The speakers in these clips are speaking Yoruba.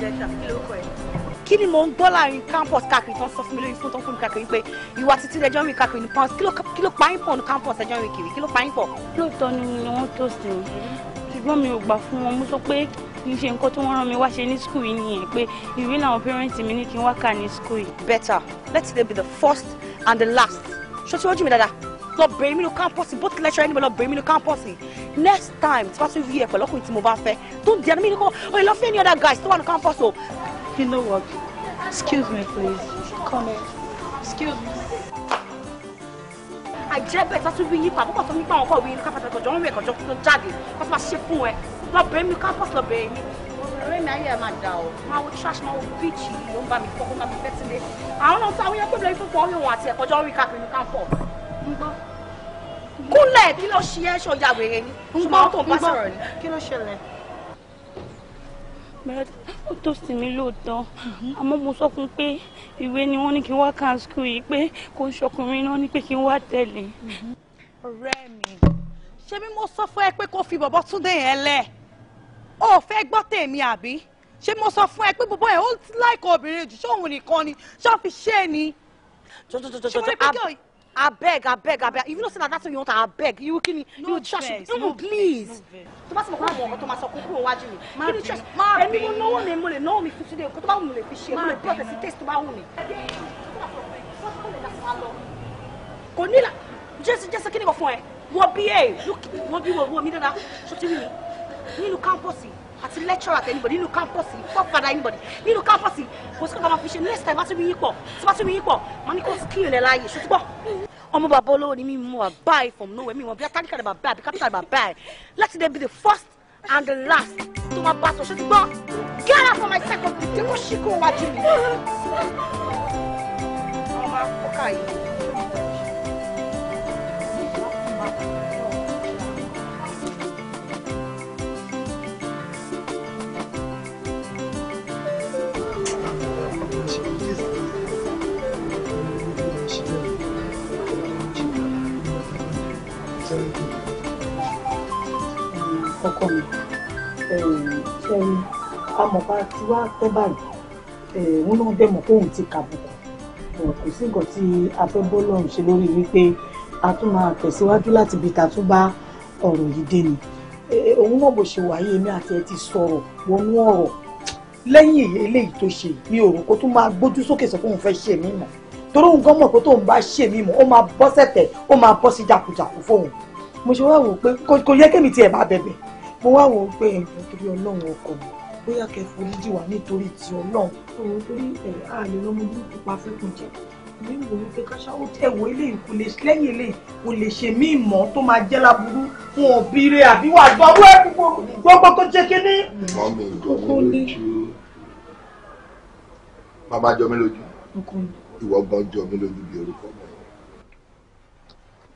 jẹta kí ló kọ ẹ. kí ni mò ń gbọ́ láàrin campus káàkiri tán sọ fún mi lórí fún tán fún mi káàkiri pé ìwà títí lẹjọ́ rìn káàkiri ní pounds kí ló pa yín pọ̀ ní campus ẹjọ́ rìn kiri kí ló pa yín pọ̀. lóòótọ́ ni wọ́n tó sí mi ṣùgbọ́n mi ò gbà fún wọn mo sọ pé kì í ṣe nǹkan tó wọ́n rán mi wá ṣe ní school yìí nìyẹn pé ìwé làwọn parents mi ní kí n wá kà ní school yìí. better let today be the first and the last ṣó tí wọ́n jù mí dáadáa lọ bẹ̀rẹ̀ mi ní campus bó tilẹ̀ ṣe ẹni bọ̀ lọ bẹ̀rẹ̀ mi ní campus next time tí wọ́n tún rí ẹ pẹ̀lú ọkùnrin tí mo bá fẹ́ tó di ẹni mi ni kò oye lọ fẹ́ any other guy? tó wà ní campus o. you know what excuse me please come here excuse me. àìjẹ́ bẹ́ẹ̀ tó tún rí yín pa àkókò tó ní pa àwọn ọkọ̀ wí ká pàtàkì ọjọ́ wọn rẹ̀ kọjọ́ tó jáde wọ́n ti máa ṣe fún ẹ lọ́bẹ̀ẹ́ mi campus lọ́bẹ̀ẹ́ mi ọ̀rẹ́ mi ayé ẹ̀ máa dà ọ́ máa wo trash máa wo beach yìí ló ń bá mi fọ́ kó máa fi fẹ́ sílé àwọn náà sọ àwọn yẹn pé bẹ́ẹ̀ fún fún ọ̀hún àti ẹ̀kọ́jọ́ orí káàkiri ní káńpọ̀ ń gbọ́ kúnlẹ̀ kí ló ṣe ẹ́ ṣọjà wèrè ni ṣùgbọ́n tó ń bá sọ̀rọ̀ ni. kí ló ṣẹlẹ̀. Meredith ó tó sì mí lóòótọ́ àmọ́ mo sọ fún pé ìwé ni wọ́n ní kí n wá kan skul yìí pé kò ń ṣọkùnrin náà ní pé kí n wá tẹ̀lé. ọ̀rẹ́ mi ṣé bí mo sọ fún ẹ pé kó fi bọ̀bọ̀ Túndé yẹn lẹ̀ ó fẹ́ gbọ́ tèmi àbí ṣé mo sọ fún ẹ pé bọ̀bọ̀ yẹn ó láìka obìnrin jù ṣóun nìkan ni ṣó fi ṣe é ni. ṣé mo lè pé kí I I beg, abeg abeg abeg if you know say that that's thing you want I beg. you kill me you trash me no please tó bá sì mọ̀ kó àwọn ọ̀tọ̀ máa sọ kó kúrò wájú mi kí ni trash èmi mo náwó mi mo lè náwó mi fifty day kó tó bá wù mí lè fi ṣe mo lè bí ọ̀tẹ̀ sí taste tó bá wù mí. kò ní la jésù jésù kí ni kò fún ẹ wọ bí ẹ wọ bí wọ mi dáadáa sọtí mi nínú kámpọ̀sì àti lecturer àti anybody nínú campus yìí fọ́ padà anybody nínú campus yìí kò sí kó ká máa fi ṣe next time bá tún bí yín pọ̀ tí bá tún bí yín pọ̀ máa ní kó sì kíyàn lẹ́ láàyè ṣó ti pọ̀. ọmọ bàbá olówó ni mi mú wa báyìí from nowhere mi wọn bí atálíkà rẹ̀ bàbá àbí capital rẹ̀ bàbá ẹ̀ let them be the first and the last tó máa bá sọ ṣó ti pọ̀ get out from my second place tí kò ṣì kó wájú mi. ọmọ akọ́kà yìí. ọkọ mi ṣẹ́yìn amọ̀ba ti wá tọ́ báyìí wọn náà dẹ̀ mọ̀ kóhun ti kàbùkù kò sí nǹkan tí afẹ́bọ́ lọ́run ṣe lórí wípé a tún máa tẹ̀síwájú láti ibi ta tún bá ọ̀rọ̀ yìí dé ni òun náà bó ṣe wáyé èmi àti ẹ ti sọ̀rọ̀ wọnú ọ̀rọ̀ lẹ́yìn eléyìí tó ṣe mi ò rò kó tún máa gbójú sókè sọ fún òun fẹ́ ṣe mí mọ̀ torí òun gan mọ̀ pé tóun bá ṣe mí mọ̀ ó máa bọ́ sẹ̀tẹ̀ ó máa bọ́ sí jákujàku fóun mo ṣe wá wò pé kò yẹ kémi tiẹ̀ máa bẹ̀bẹ̀ mo wá wò pé ẹ̀jọ̀ torí ọlọ́run ọkọ mi bóyá kẹfù oníjì wà nítorí ti ọlọ́run òun torí ẹ̀ á lè lọ́mọ burúkú pa fẹ́kùn jẹ mi ń wò ó pé káṣá ó tẹ̀ wọ eléyìí kò lè lẹ́yìn eléyìí kò lè ṣe mí mọ́ tó máa jẹ́ láburú fún òbí rẹ̀ àbí wà gbọ́wọ́ ẹ̀ gbogbo tó jẹ́ kínní. mọ́mí ìjọba lójú bàbá jọ mí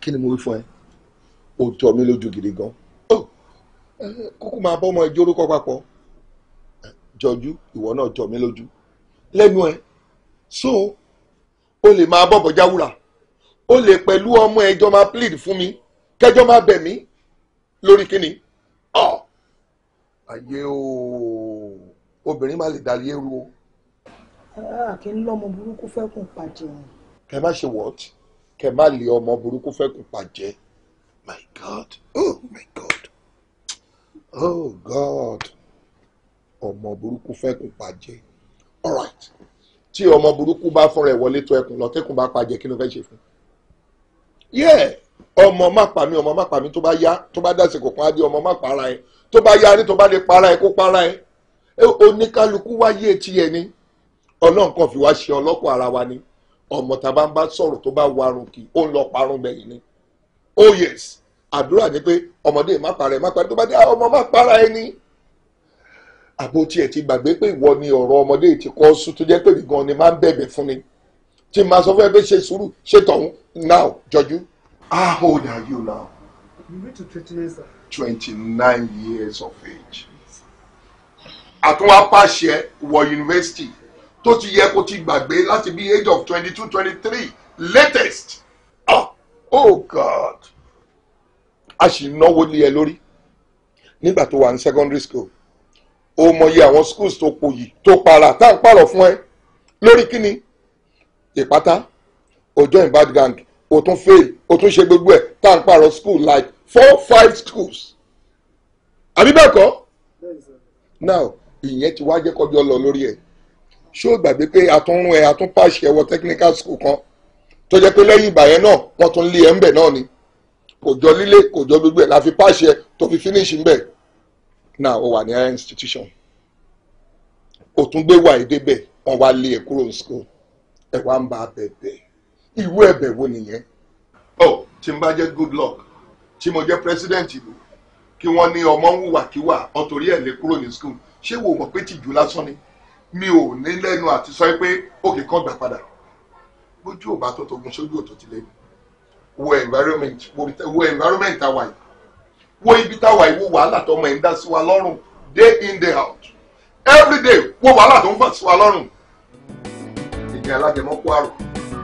kí ni ó jọ mí lójú gidi gan kúkú máa bọ́ ọmọ ẹ jórúkọ papọ̀ jọjú ìwọ náà jọ mí lójú lẹ́nu ẹ so o lè máa bọ̀ bọ́já wúrà o lè pẹ̀lú ọmọ ẹ máa plead fún mi kẹjọ máa bẹ̀ mí lórí kíni ọ ayé o obìnrin má lè darí ẹrú o. Ah, kí n lọ́mọ burúkú fẹ́ kùn pàjẹ́. kẹ má ṣe wọ́ọ̀tì kẹ má lè ọmọ burúkú fẹ́ kùn pàjẹ́ my God. Oh my God. Oh God. Ọmọ burúkú fẹ́kùn pàjẹ́. All right. Tí ọmọ burúkú bá fúnra ẹ̀ wọlé tó ẹkùn lọ, tẹ́kùn bá pàjẹ́ kí ló fẹ́ ṣe fún? Yẹ́ ọmọ má pa mí ọmọ má pa mí tó bá yá tó bá dásìkò kan á di ọmọ má para ẹ tó bá yá ní tó bá lè para ẹ kó para ẹ oníkálukú wáyé tiẹ̀ ni ọlọ́run kan fi wá ṣe ọlọ́kọ̀ ara wa ni ọmọ tá a bá ń bá sọ̀rọ̀ tó bá warun kì ó ń lọ parun bẹ̀yìn ni oh yes àdúrà ni pé ọmọdé má para ẹ má para ẹ tó bá dé ah, ọmọ má para ẹ ní. àbò tiẹ̀ ti gbàgbé pé ìwọ ni ọ̀rọ̀ ọmọdé ti kọ́ sùn tó jẹ́ pé mi gan ni máa ń bẹ̀bẹ̀ fún ni tí màá sọ fún ẹ pé ṣe sùúrù ṣe tọ̀hún now jọjú. how old are you now. you reach twenty years. twenty nine years of age. àtúnwá pàṣẹ wọ yunifásitì tó ti yẹ kó ti gbàgbé láti bí age of twenty two twenty three latest oh god a sì náwó lé ẹ lórí nígbà tó wà ní secondary school o mọyì àwọn schools tó pòyì tó para tá à ń pààrọ̀ fún ẹ lórí kíni ìpátá o in bad gang o tún fail o tún ṣe gbogbo ẹ tá à ń school like four five schools àbí bẹ́ẹ̀ kọ́ now ìyẹn ti wá jẹ́ kọjọ́ lọ lórí ẹ̀ ṣó gbàgbé pé a tún rún ẹ a tún technical school kan tó jẹ́ pé lẹ́yìn ìgbà yẹn náà wọ́n tún lé ẹ̀ e ń bẹ̀ náà ni kò jọ lílé kò jọ gbogbo ẹ̀ la fi páàṣẹ tó fi finish ń bẹ̀ náà ó wà ní higher institution ó tún gbé wà èdè bẹ̀ wọ́n wá lé ẹ̀ e kúrò ní school ẹ̀ wá ń bá a bẹ̀bẹ̀ ìwú ẹ̀bẹ̀ wo nìyẹn. ọ oh, tí n bá jẹ́ good luck tí mo jẹ́ president ìlú kí wọ́n ní ọmọ ń wùwàkiwà ọ̀tòrí ẹ̀ lè kúrò ní school ṣé wò mọ̀ pé tìjú lásán ni mi ò ní lẹ́nu àti sọ pé òkè kan gbà padà bójú ò bá tó togun sójú ò tó ti lé wo environment wo environment tá wà yìí wo ibi tá wà yìí wo wàhálà tó ọmọ ẹ̀ ń dá sí wa lọ́rùn day in day out every day wo wàhálà tó ń fà sí wa lọ́rùn ìjà alágẹmọ kó àrùn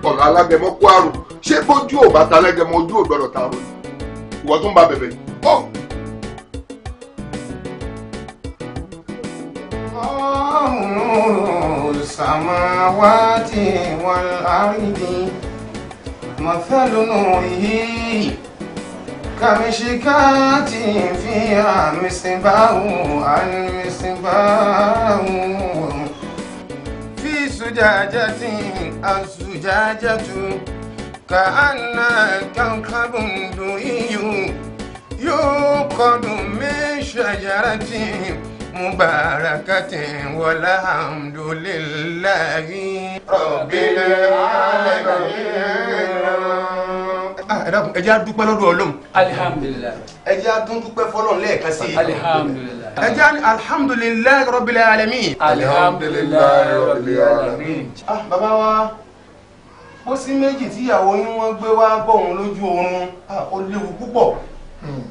ọ̀nà alágẹmọ kó àrùn ṣé bójú ò bá ta alágẹmọ ojú ò gbọdọ̀ ta àrùn ìwọ tó ń bẹ̀bẹ̀ ọ̀ السماوات والأرض مثل نوره كمشكات فيها مصباح المصباح في زجاجة الزجاجة كأنها كوكب دري يوقد من شجرة mubarakati walhamdulillahi rabbil alamin. Ah, ẹ jẹ́ a dúpẹ́ lọ́dọ̀ ọlọ́run. alihamdulilayi. ẹ jẹ́ a tún dúpẹ́ fọlọ́run lẹ́ẹ̀kan sí i. alihamdulilayi. ẹ jẹ́ a alihamdulilayi rabbil alamin. alihamdulilayi rabbil alamin. ah bàbá wa ó sí méjì tíyàwó yín wọ́n gbé wá bọ̀hún lójú oorun ah, ó léwu púpọ̀ hmm.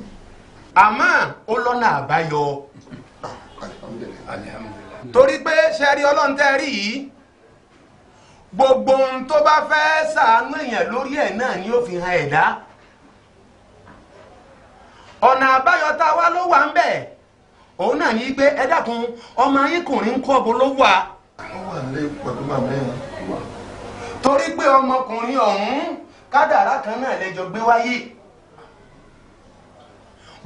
àmọ́ ó lọ́nà àbáyọ torí pé ṣẹ́rí ọlọ́run tẹ́ rí yìí gbogbo ohun tó bá fẹ́ ṣàánú èèyàn lórí ẹ̀ náà ni ó fi hàn ẹ̀dá ọ̀nà àbáyọ tá a wá ló wà ń bẹ̀ òun náà ní pé ẹ ọmọ yín ń kọ́ bo ló wà. torí pé ọmọkùnrin ọ̀hún kádàrá kan náà lẹ́jọ́ gbé wáyé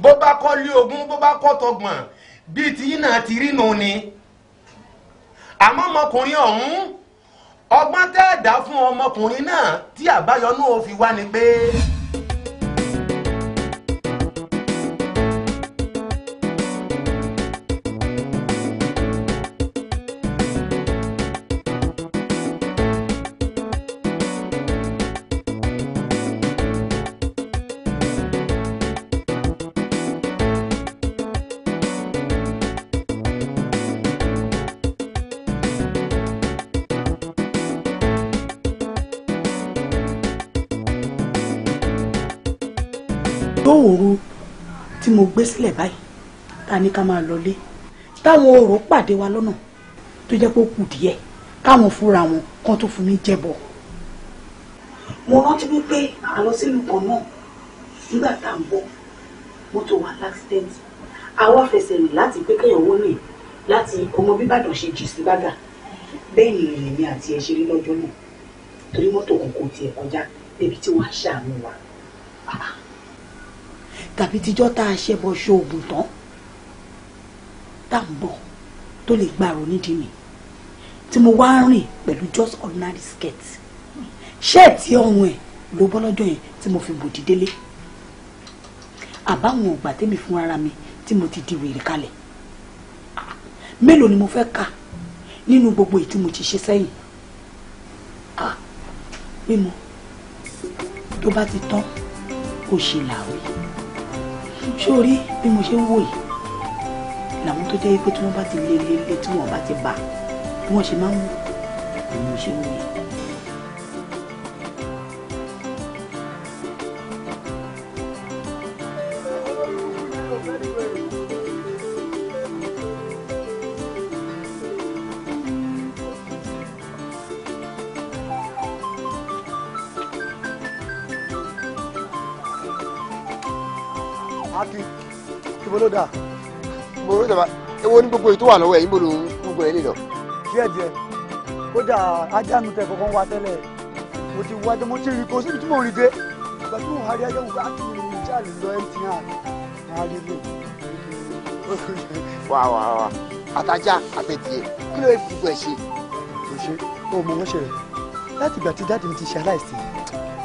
bó bá kọ́ lé ogún bó bá kọ́ tọgbọ̀n bí tiyín náà ti rí nù ni àmọ́ ọmọkùnrin ọ̀hún ọgbọ́n tẹ́ẹ̀dá fún ọmọkùnrin náà tí àbáyọ náà fi wá ni pé. mo gbé sílẹ̀ báyìí ta ni ká máa lọlé táwọn orò pàdé wa lọ́nà tó jẹ́ pé ó kù díẹ̀ káwọn fúnra wọn kan tó fún mi jẹ̀bọ. mo rántí wípé a lọ sílùú kan náà nígbà tá à ń bọ̀ mọ́tò wa láksidẹ́ǹtì àwa fẹsẹ̀ rìn láti pé kéèyàn wó rìn láti ọmọ bíbàdàn ṣe jì sí bàgà bẹ́ẹ̀ ni ìrìn mi àti ẹ̀ ṣe rí lọ́jọ́ náà torí mọ́tò kò tiẹ̀ kọjá débi tí wàá ṣàánú wa tàbí tíjọ́ tá a ṣẹbọ ṣoògùn tán tá à ń bọ̀ tó lè gbàrò nídìí mi tí mo wá rìn pẹ̀lú just ordinary skirt ṣẹ́ẹ̀tì ọ̀hún ẹ̀ ló bọ́ lọ́jọ́ yẹn tí mo fi bòdì délé àbáwọn ògbà tẹ́mi fún ara mi tí mo ti di wèrè kalẹ̀ mélòó ni mo fẹ́ kà nínú gbogbo èyí tí mo ti ṣe sẹ́yìn mímọ tó bá ti tán kò ṣe làwí sórí bí mo ṣe ń wò yìí làwọn tó jẹ́ pé tí wọ́n bá ti lé lé lé tí wọ́n bá ti bà bí wọ́n ṣe máa ń wò bí mo ṣe ń wò yìí. gbogbo èyí tó wà lọ́wọ́ ẹ̀ níbo ló ń gbogbo ẹ̀ lè lọ. díẹ̀ díẹ̀ kódà ajá mi tẹ kọ̀ọ̀kan wa tẹ́lẹ̀ mo ti wá mo ti rí kó síbi tí mo rí dé ìgbà tí mo hà rí ayéwo bá ti rí ìjà lè lọ mtn máa rí lò. wà wà wà àtajá àtẹ̀tìẹ̀ kí ló fi gbogbo ẹ̀ ṣe. kò ṣe ó mọ wọn ṣe rẹ láti ìgbà tí dáàdì mi ti ṣe aláìsí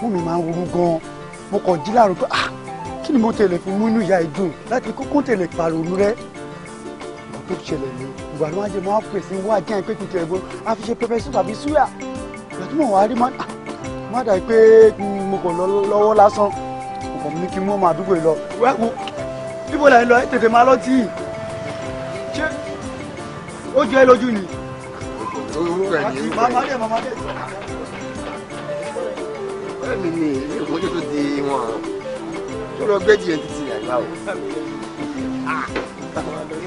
mú mi máa ń wúru gan mo kàn jí láàrú pé ah kí ni mo tẹ̀lé fún múnú ìyá ìdùn láti kókó tẹ̀lé pàrọ̀ òun rẹ́ pé kí ṣẹlẹ̀ ni ìgbà tí wọ́n á ṣe mọ́ àpèsè wọ́n á jẹ́ pé kí ṣẹlẹ̀ gbọ́n á fi ṣe pẹpẹ sùn tàbí súyà ìgbà tí mò ń wá rí má dà pé mo kàn lọ lọ́wọ́ lásán mo kàn ní kí tètè máa lọ tí ì ṣé ó jẹ́ ni. orúkọ ẹ̀ ní ọ̀rẹ́ mi ni ilé ìmójútó di wọn tó lọ gbé jìyẹn títí àgbà ah, o.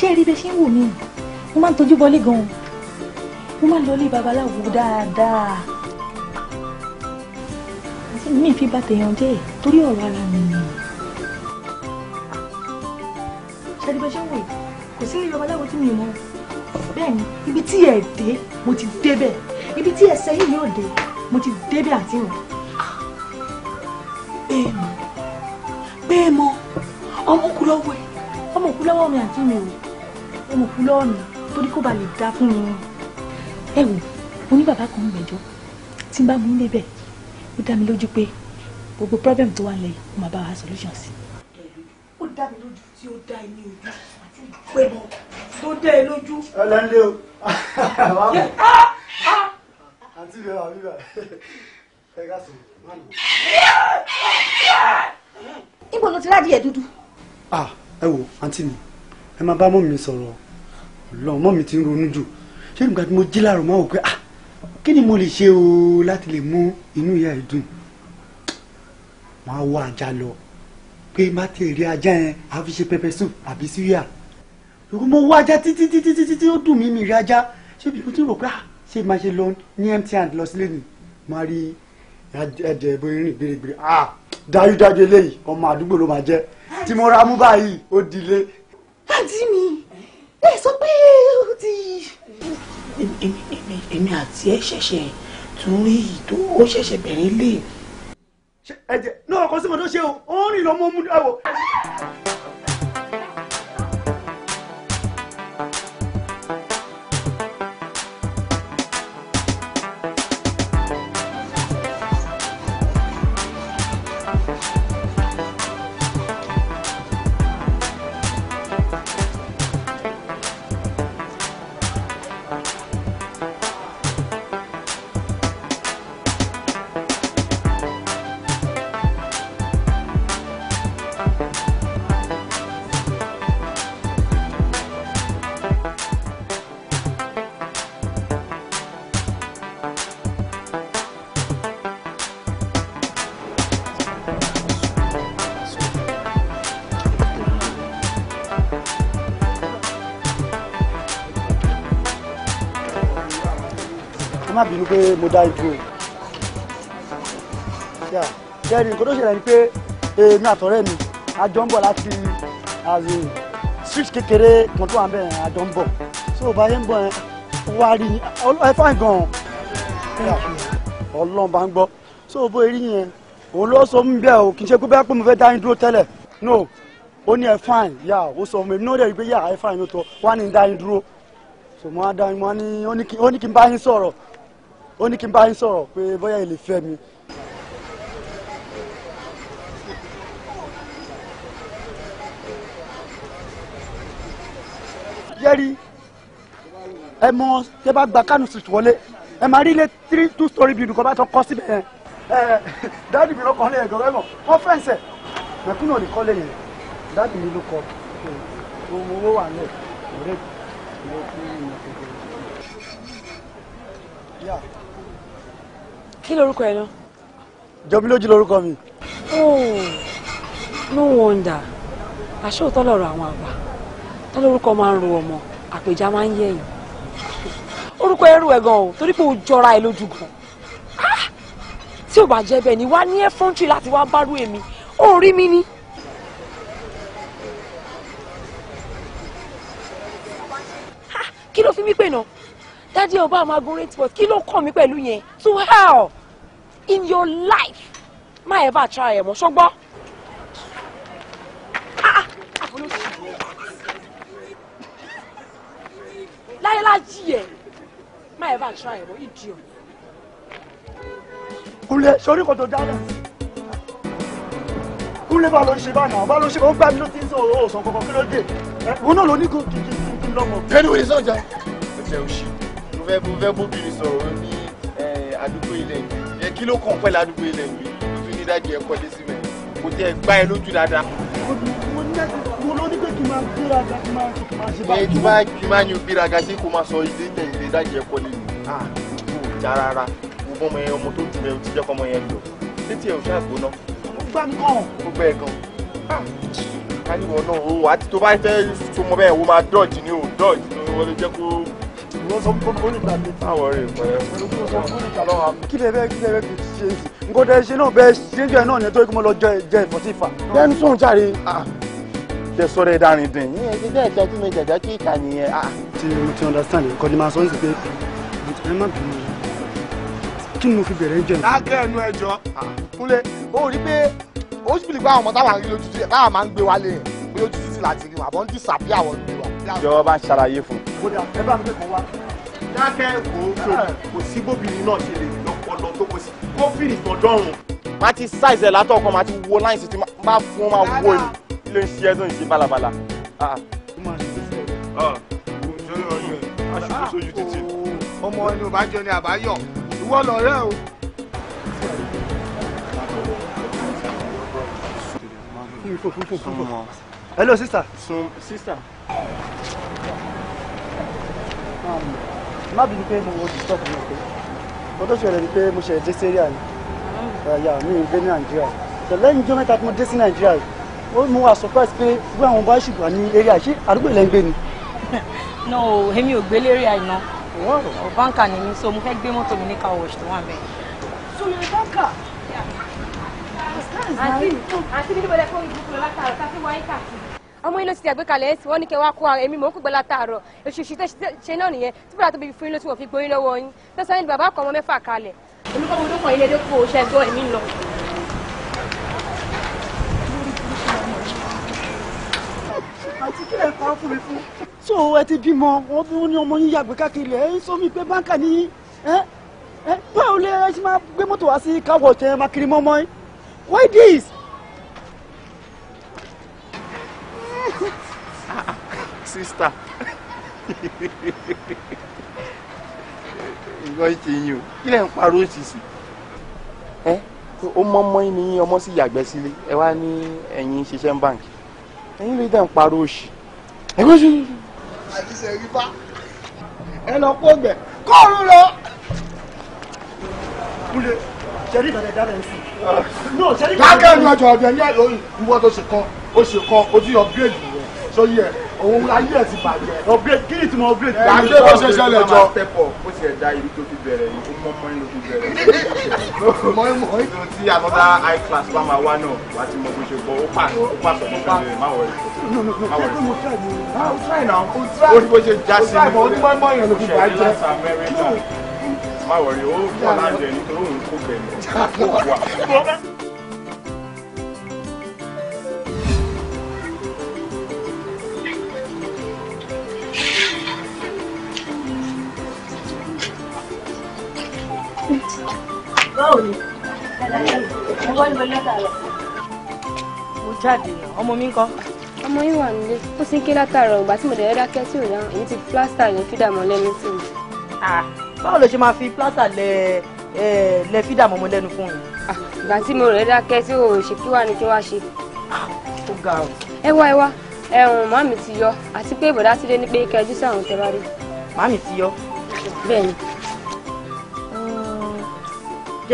ṣé ẹ rí bẹ́ẹ̀ ṣe ń wò mí mo máa ń tọ́jú bọlé gan-an mo máa ń lọ ilé babaláwo dáadáa mi fi bá tèèyàn jẹ́ torí ọ̀rọ̀ ara mi ni. ṣé ẹ rí bẹ́ẹ̀ ṣe ń wò yìí kò sí ilé babaláwo tí mi mọ̀ bẹ́ẹ̀ ni ibi tí ẹ̀ dé mo ti débẹ̀ ibi tí ẹsẹ̀ yìí yóò dé mo ti débẹ̀ àti rìn. bẹ́ẹ̀ mọ bẹ́ẹ̀ mọ ọmọ kú ẹ ọmọ kú mi àti mi o ó mọ̀ fún lọ́ọ̀nù torí kó ba lè dá fún mi. ẹ wò oní bàbá kan ń gbẹ́jọ́ tí n bá mú un débẹ̀ ó dá mi lójú pé gbogbo problem tó wà lẹ́yìn ó máa bá wa solution sí. ó dá mi lójú tí ó dá ẹni ojú àti ìpẹ́bọ tó dá ẹ lójú. ẹ lẹ́nu lé o àti ìrẹ̀ wà bíbà ẹ ká sọ má nù. níbo ló ti rádìí ẹ dúdú. ah ẹ wo àǹtí mi ẹ máa bá mọ́ mi sọ̀rọ̀ ọlọ́run mọ́ mi ti ń ronú jù ṣé nígbà tí mo jí láàárọ̀ máa wò pé ah kí ni mo lè ṣe o láti lè mú inú ìyá ẹ̀ dùn wọ́n á wọ ajá lọ pé má ti rí ajá yẹn á fi ṣe pẹpẹ soup àbí síríà ìwọ mo wá ajá títí títí títí tí ó dùn mí mi rí ajá ṣé ibi tí mo rò pé ah ṣé máa ṣe lọ ní empty hand lọ sílé ni máa rí ẹ̀jẹ̀ ìbò irin gbèrègbèrè ah dájúdájú eléyìí ọmọ àdúgbò ló máa jẹ́ tí mo ra mú báyìí ó dilé àǹtí mi ẹ sọ pé ó ti. èmi àti ẹ ṣẹ̀ṣẹ̀ tún rí èyí tó ó ṣẹ̀ṣẹ̀ bẹ̀rẹ̀ ilé. ẹ̀jẹ̀ náà kò sí mo tó ṣe o ó ń rìn lọ́mọ́ mú dáwọ̀. pé mo dá ìdúró kẹrin nǹkan tó ṣẹlẹ̀ ni pé èmi àtọ̀rẹ́ mi àjọ ń bọ̀ street kékeré kan tó wà ń bẹ̀ yẹn àjọ so bá yẹn ń bọ̀ yẹn wá rí ẹ fáìn gan-an ọlọ́run bá ń gbọ́ so bó erí yẹn òun ló sọ mí bẹ́ẹ̀ o kì í ṣe pé bẹ́ẹ̀ pé mo fẹ́ dá yín dúró tẹ́lẹ̀ no ó ní ẹ fáìn yà ó sọ mi ní ó dẹ̀ rí pé yà ẹ fáìn ló tọ́ wá ní dá yín dúró so mo á dá yín mo á ní ó ní kí n bá yín sọ̀rọ̀ ó ní kí n bá yín sọ̀rọ̀ pé bóyá ilé fẹ́ mi. yẹ́rí ẹ mọ tẹ bá gba kánú street wọlé ẹ máa rí ilé three two story building kan bá tán kọ́ síbẹ̀ yẹn ẹ dáàdì mi ló kọ́ lé yẹn gọ́rọ́ ẹ̀mọ́ wọ́n fẹ́ǹsẹ̀ mẹ̀kúnnù ní kọ́ yẹn dáàdì mi ló kọ́ ohun owó wà lẹ̀ ọ̀rẹ́ mi ló kí lorúkọ ẹ náà. jọmílójú lorúkọ mi. oh no wonder àṣé òótọ́ lọ̀rọ̀ àwọn àgbà tó lórúkọ máa ń ro ọmọ àpèjá máa ń yẹ̀yàn orúkọ ẹrù ẹ gan o torí pé o jọra ẹ lójú gan ah! tí ò bá jẹ́ bẹ́ẹ̀ ni wá ní ẹfọńtì láti wá bárú èmi ó rí mi ní. kí ló fi mí pè náà dádì ọba àmọ́ agun rate port kí ló kàn mí pẹ̀lú yẹn to hell in your life má ẹ bá try ẹ mọ ṣọgbọ. Ah, ah, láyé lájí ẹ má ẹ bá try ẹ mọ ìdí o. kúnlẹ̀ sórí kò tó dáná kúnlẹ̀ bá ló ń ṣe báyìí bá ló ń ṣe ó gbá mi ló ti ń sọ òòsàn kankan kí ló dé wọn náà ló ní kó kìkì kí n lọmọ. kẹ́ni òye sọ̀jà. ẹ jẹ́ òṣì mo fẹ́ bó bìnrin sọ̀rọ̀ ní àdúgbò ilẹ̀ ìgbẹ́ kí ló kàn pẹ́ ládùúgbò ilẹ̀ yìí ló fi ní dájú ẹ̀ kọ́lé síbẹ̀ kò tẹ́ gbá ẹ lójú dáadáa. mo ló ní pé kí n máa gbéraga kí n máa ṣe báyìí. kí n máa kí n máa ní gbéraga ṣé kó máa sọ ilé tẹ̀yìn lé dájú ẹ̀ kọ́lé a kò já rárá mo bọ́ ọmọ ọmọ tó jùlọ ti jẹ́ kọ́mọ yẹn lọ létí ẹ̀ ò ṣàgbóná. mo gbá nǹkan. mo gbẹ́ ẹ̀ kan káníwọ̀ náà o àti tó bá fẹ́ sọmọ bẹ́ẹ̀ wo máa dọ́ọ̀jì ni o dọ́ọ̀jì ni wọ́n lè jẹ́ kó ló sọ fún fún ìta mi. má wọrí ìpẹ́. ló sọ fún ìta lọ́wọ́ mi. kí lè bẹ́ẹ̀ kí lè bẹ́ẹ̀ kì í ṣe é sí. nǹkan tẹ ṣe náà bẹ́ẹ̀ ṣe jẹ́ náà yẹn tó kí mo lọ jẹ ìfọ̀sí ìfà. bẹ́ẹ̀ni sóun jáde. tẹ sọ̀rọ̀ ẹ dárin dín. ní ẹsẹ bẹ́ẹ̀ tẹ tí mi jẹjẹ kí ìta nìyẹn. I'm mo ti understand nǹkan ni màá sọ nípa ẹ má bínú kí ni mo fi bẹ̀rẹ̀ jẹ. lákẹ́ ẹnu ẹjọ́ kúnlẹ̀ ó rí pé ó sì bìlì pé àwọn ọmọ táwọn àrí lójútì láwọn máa ń gbé wálé yẹn pé lójútì láti rí wọn àbọ̀ ń jọ̀wọ́ bá ń ṣàlàyé fún. kódà ẹ bá mi kẹ́kọ̀ọ́ wá dákẹ́ kò kò sí bóbìnrin náà ṣe lè lọ́pọ̀lọ́ tó kò sí kó fìrì tán dọ́rùn. má ti ṣàìsẹ̀ látọ̀kan má ti wo láìsí tí má fún má wo ilé iṣẹ́ tó ń ṣe bálabàla. Ah, ah. ah, oh, ọmọ ẹni ò bá jọ ni àbáyọ ìwọ lọ̀rẹ́ o. hello sister. sun sister. Um, má bínú pé mo disturb mi pé mo tó ṣẹlẹ̀ ni pé mo ṣẹlẹ̀ dé syria ni ẹ̀yà mi ń gbé ní nàìjíríà so lẹ́yìn jọ́ mẹ́ta tí mo dé sí nàìjíríà ó mú wa surprise pé bí àwọn bá ṣùgbọ́n ní area ṣé àdúgbò ilẹ̀ ń gbé ni. no èmi ò gbé lérí àìná ọ̀bánkà ni mi so mo fẹ́ gbé mọ́tò mi ní car wash tó wà bẹ́ẹ̀. so yóò bánkà àti níbo lẹ kó ibùkún látàrí káfíńwáyé kàtí ọmọ yín ló ti àgbékalẹ̀ ẹ̀sìn wọn ní kẹ́ wá kó èmi mò ń kú gbẹ́lá tààrọ̀ òṣìṣì tẹ́ ṣe náà nìyẹn tí bàbá tó bíbi fún yín ló ti wọ́n fi gbóyún lọ́wọ́ yín tó sọ yín ni bàbá kọ ọmọ mẹ́fà kalẹ̀. èmi kọ́ mo dúkọ̀ yín lédè kó o ṣe gbọ́ èmi lọ. àti kí lè kọ́ fún mi fún. so ẹ ti bímọ wọn fún ní ọmọ yín yàgbé káàkiri ẹ sọ mi pé báńkà ni báwo lè ẹ ṣe máa gbé mọ́tò wá sí káwọ̀ tẹ máa kiri mọ́mọ́ why this Sister, nǹkan ṣe yín o kí lẹ̀ ń parọ́ òṣìṣì ẹ ó mọ́mọ́ ní ọmọ sí yàgbẹ́ sílé ẹ wá ní ẹ̀yin ṣiṣẹ́ ń báǹkì ẹ̀yin ló dẹ̀ ń parọ́ òṣì ẹgbẹ́ òṣì. àdìsẹ̀ rí bá ẹ lọ kó gbẹ kóòrùn lọ. kúlẹ̀ ṣẹ́rí ìbàdàn dábẹ̀ ń sùn. Ah. dákẹ́ ní ọjọ́ ọ̀bẹ ní ìwọ tó ṣe kọ́ o ṣe kọ o ti upgrade rẹ so yẹ òun ayé ẹ ti bàjẹ́ upgrade kí ni tí mo upgrade. ẹ ṣe bó ṣe ṣẹlẹ̀ jọ. ó ti ẹ̀ ibi tó ti bẹ̀rẹ̀ yìí ó mọ́ mọ́yìn ló ti bẹ̀rẹ̀. mọ́yìn mọ́yìn. tó ti another high class bá máa wá náà wá ti mọ bó ṣe gbọ́ ó pa ó pa sọ fún má wọ̀ ẹ́. no no no ṣé mo try ni wọ̀ rí o wọ́n láǹdẹ̀ nítorí òun kò bẹ̀rẹ̀ báwo ni mo bọ́ níbo látàárọ̀. mo jáde náà ọmọ mi ń kọ́. ọmọ yín wà nílé ó sì ń ké látàárọ̀ ìgbà tí mo dẹ̀ dákẹ́ tí ò dáhùn èyí ti plásítà yẹn fídà mọ́ lẹ́nu sí mi. báwo ló ṣe máa fi plásítà lẹ lẹ fídà mọ́ lẹ́nu fún mi. ìgbà tí mo rẹ̀ dákẹ́ tí ò ṣe kí wàá ní kí wàá ṣe. ó ga o. ẹ wá ẹ wá ẹ̀wọ̀n màmí ti yọ àti pé ìbọ̀dá ti dé ní pé kẹjú sí àwọn tẹ́wárí. màmí ti yọ. bẹ́ẹ̀ ni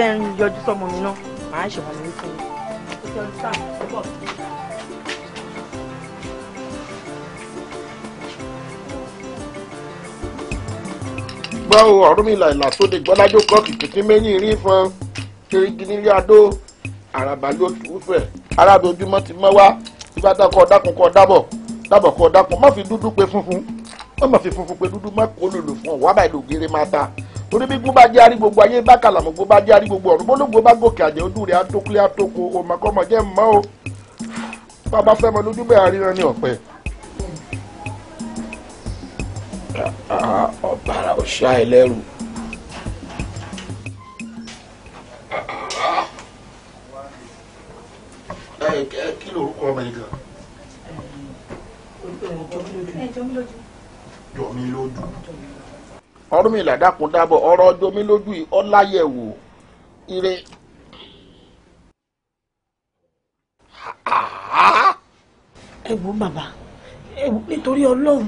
jẹ́ ń yọjú sọ́mọ mi náà màá ṣèwádìí fún mi. ó ti ọdún sáà ó bọ̀ sí i. gbọ́ o ọ̀rúnmìlà ìlàsóde rí fún kirigi nílé adó àràbà ló arábẹ̀ ojúmọ́ ti mọ́ wá ìfẹ́ dákọ̀ dákun kọ́ dábọ̀ dábọ̀ kọ́ dákun má fi dúdú pé funfun má má fi funfun pé dúdú má kó lòlò fún ọ wá báyìí lògèrè máa ta torí bí gbóbá jẹ́ arí gbogbo ayé bákàlàmù gbóbá jẹ́ arí gbogbo ọ̀run bólógbó bá gòkè àjẹ́ ojú rẹ̀ atókùlé atóko òmàkọ́mọ jẹ́ mọ́ o bàbá fẹ́ mọ lójú bẹ́ẹ̀ aríran ní ọ̀pẹ. ọ̀bàrà òṣà ẹlẹ́rù. kí lorúkọ ọmọ yìí gan. jọmí lójú. jọmí lójú. Ọ̀rúnmìlà dákun dábọ̀ ọ̀rọ̀ jomi lójú yìí ọláyẹ̀wò ire. ẹ wo bàbá nítorí ọlọ́run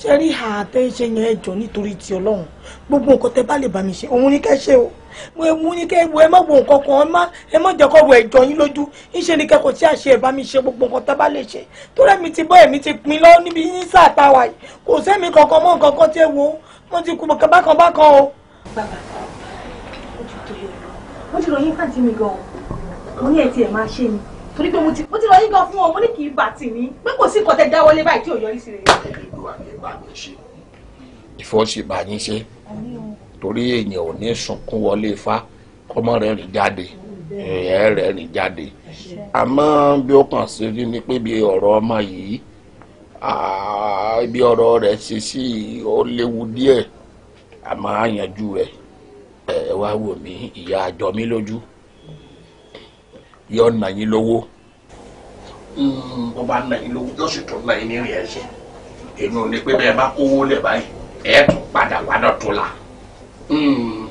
ṣe rí àtẹ ṣe yẹn ẹ jọ nítorí ti ọlọ́run gbogbo nǹkan tẹ bá lè bá mi ṣe òun ni kẹ́ ṣe o mo ní kẹ́ wo ẹ má wo nǹkan kan ẹ má jẹ́ kó wo ẹ̀jọ̀ yín lójú ńṣe ni kẹ́kọ̀ọ́ tí àṣẹ ẹ̀ mi ṣe gbogbo nǹkan tá a bá lè ṣe tó rẹ̀ mi ti bọ́ ẹ̀mí ti pin lọ níbi ní sáà tá a wà yìí kò sẹ́mi kankan mọ́ nǹkan kan tí ẹ wo wọ́n ti kú bọ̀kan bákan bákan o. bàbá ó tó yọ lọ mo ti ròyìn fàǹtí mi gan o mo ní ẹtì ẹ máa ṣe mi torí pé mo ti mo ti ròyìn gan fún ọ mo ní kì í bà tì mí pé kò sí kọtẹ dáwọlé báyìí tí ò yọrí sí rẹ. ìfọ́ sì bá yín ṣe torí èèyàn ò ní sunkún wọlé ifá kọ́mọ rẹ̀ rìn jáde ẹ̀ẹ́ rẹ̀ rìn jáde àmọ́ bí ó kàn sí ni pé bí ọ̀rọ̀ ọmọ yìí Ah, ibi ọrọ rẹ̀ ṣe sí ó léwu a máa yanjú rẹ̀ ẹ wá wò mí ìyá àjọ mi lójú yọ nà yín lówó hmm, bó bá nà yín lówó yóò sì tún nà yín nírìn pé ẹ hmm,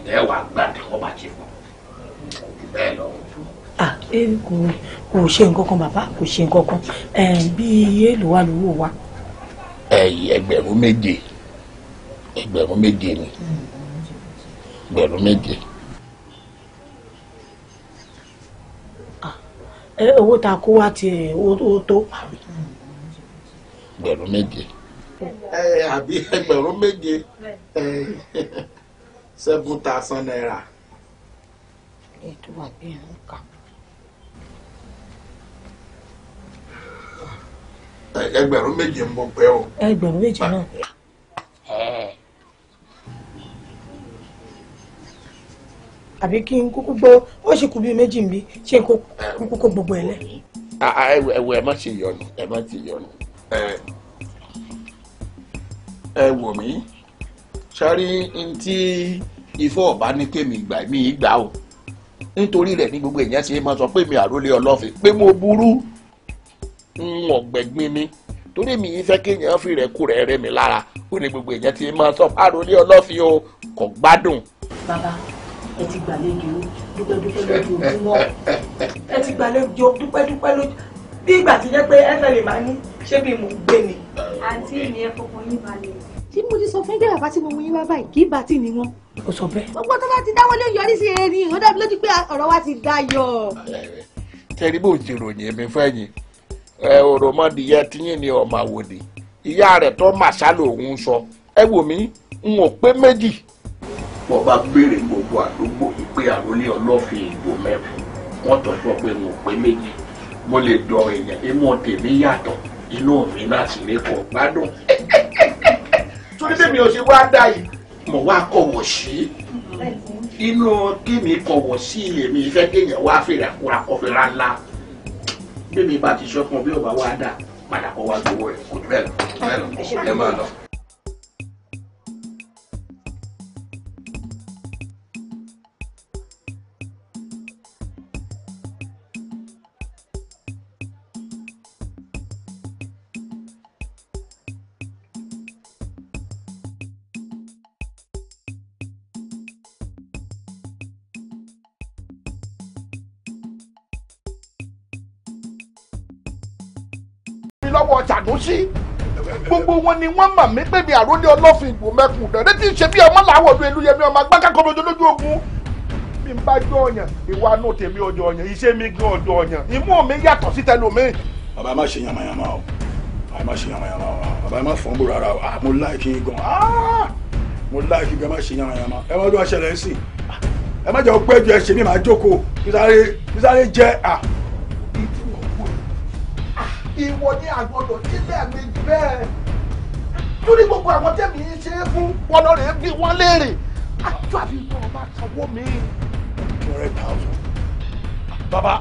gbàdúrà ọba ti kò kò ṣe nǹkan kan bàbá kò ṣe nǹkan kan bí èèlò wa lówó wa. ẹgbẹ̀rún méje ẹgbẹ̀rún méje ni ẹgbẹ̀rún méje. owó tá a kó wá ti ó tó. ẹgbẹ̀rún méje. àbí ẹgbẹ̀rún méje seven thousand naira. ètò àbí ẹ̀rọ kà. ẹgbẹ̀rún méje ń pé o. ẹgbẹ̀rún méje náà àbí kí n kúkú gbọ́ ó sì kú bíi méjì nbí ṣé n kúkú kó gbogbo ẹ lẹ. ẹwọ ẹ má ṣe yọnu ẹ má ṣe yọnu. ẹ wò mí ifọ̀ ọ̀bá ní o nítorí rẹ̀ gbogbo èèyàn ṣe máa sọ pé mi àrólé ọlọ́fin pé mo burú. ń ọ̀gbẹ̀gbin mi torí mi yìí fẹ́ kéèyàn fi rẹ̀ kú rẹ̀ rẹ̀ mi lára ó ní gbogbo èèyàn ti máa sọ àròlé ọlọ́fin o kò gbádùn. bàbá ẹ ti gbàlejò dúpẹ́dúpẹ́ lójoojúmọ́ ẹ ti gbàlejò dúpẹ́dúpẹ́ lójú bí ìgbà ti jẹ́ pé ẹ fẹ́ lè máa ní ṣé bí mo gbé ni. àǹtí mi ẹ fọkàn yín balẹ̀. tí mo ti sọ fún ẹgbẹ́ bàbá tí mo mú yín wá báyìí kì í bá tì ní wọn. ó sọ bẹ́ẹ̀. gbogbo tó bá ti dáwọ́ lé yọrí sí ẹni ìrọ́dàbí lójú pé ọ̀rọ̀ wa ti dayọ̀. tẹ́rí bó ń ṣe ròyìn ẹ̀mí fún ẹ òròmọdìyẹ tíyìn ni ọmọ àwòdì ìyá rẹ̀ tó màṣá lòun sọ ẹ wò mí n ò pé méjì. wọ́n bá béèrè gbogbo àdúgbò yìí pé àròlé ọlọ́fin ìgbò mẹ́fù wọ́n tọ́ sọ pé n ò pé méjì mo lè dọ̀ èèyàn imú tèmi yàtọ̀ inú mi náà sì lè kọ̀ gbádùn. torí tèmi ò ṣe wá dá yìí mo wá kọ̀wọ̀ sí inú kí mi kọ̀wọ̀ sí èmi ìfẹ́ kéèyàn wá fèrè àkúrà kọfẹ́ra ńlá bébí bá ti sọ fún ọ bí ọba wa dà padà kọ wá gbowó ẹ kò jù bẹ́ẹ̀ lọ ẹ máa lọ. mi lọ́wọ́ ṣàdúnṣí gbogbo wọn ni wọ́n mọ̀ mí pé mi àròlé ọlọ́fin ìgbò mẹ́kùn dán létí ṣe bí ọmọ làwọn ọdún ìlú yẹmi ọmọ agbáka kọ́ lójú lójú ogun bí n bá jọ ọyàn ìwà nù tèmi ọjọ ọyàn iṣẹ́ mi gan ọjọ ọyàn ìmú mi yàtọ̀ sí tẹlomi. bàbá má ṣe yàmàyàmà o bàbá má ṣe yàmàyàmà o bàbá má fọ́n bò rárá o mo láìkí yín gan ah! mo láìkí gan má ṣe yàmàyàmà ẹ má lọ́ọ́ ṣẹlẹ̀ sí ẹ má jẹ́ ọgbẹ́jọ ẹ ṣe mí máa jókòó kí sáré jẹ́ à. àgbọ̀dọ̀ nílẹ̀ méjì bẹ́ẹ̀ lórí gbogbo àwọn tẹ̀mí ń ṣe é fún wọn lọ rèé bí wọ́n léèrè àjọ àfi ìtàn ọba sanwó mi. two hundred thousand baba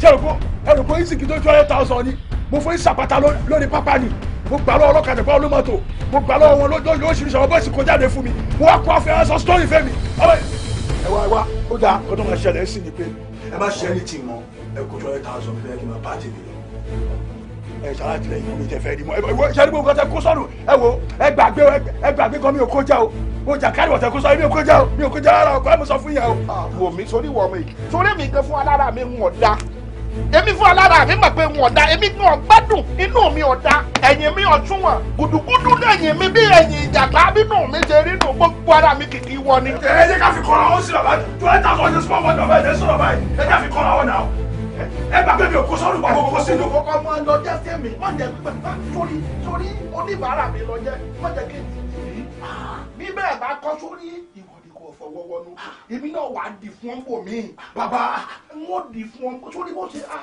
ṣé ẹ̀rù kó ẹ̀rù kó yín sì kí tó two hundred thousand ni mo fún yín sàpàtà lórí pápá ni mo gbà lọ́wọ́ ọlọ́kadà gbọ́ olómọ́tò mo gbà lọ́wọ́ wọn lójó yóò ṣiṣẹ́ ọmọ bọ́ọ̀sì kọjá de fún mi mo wá kó afẹ́ aṣọ sítórì fẹ́ mi. ẹ wá ẹ wá ó dáa kó tó máa ṣẹlẹ̀ ẹ sì ní pé ẹ má ṣe ẹni tì mọ́ ẹ kó tó ẹ ta aṣọ fún ẹ kí n máa bá tèmi ẹ ṣàlàtìlẹyìn mi tẹ fẹ́ rí mọ́ ẹ wo ṣe àdúgbò nǹkan tẹ kó sọ́nù ẹ wo ẹ gbàgbé ẹ gbàgbé kan mi ò kó já o mo jà kárí ọ̀tẹ̀ kó sọ mi ò kó já o mi ò kó já rárá ọkọ ẹ mo sọ fún yà o. Ah, wò mí sórí wọ ọmọ yìí mi gan fún alára mi ń ọ̀dà èmi fún alára mi mọ̀ pé ń ọ̀dà èmi gan gbádùn inú mi ọ̀dà ẹ̀yìn mi ọ̀tún wọn gùdùgùdù lẹ́yìn mi bí ẹ̀yìn ìjàgbá bínú mi ṣe rí nù gbogbo ara mi kìkì wọ ni. ẹ ẹ jẹ́ ká fi kọ́ra ó sì lọ́ba tó ẹ ta kọ́ ọdún sí pọ́pọ́ ọdún ọba ẹ̀ ẹ bá bẹ́ẹ̀ mi ò kó sọ́run bá gbogbo sínú. ọkọ ọmọ lọ jẹ sí mi wọn jẹ pé sórí sórí oníbàárà mi lọ jẹ wọn jẹ kí n ti yìí bí bẹ́ẹ̀ bá kọ́ sórí ìwọ ni èmi náà wàá di fún ọ́n bò bàbá n ó di fún ọ́n sórí bó ṣe ah.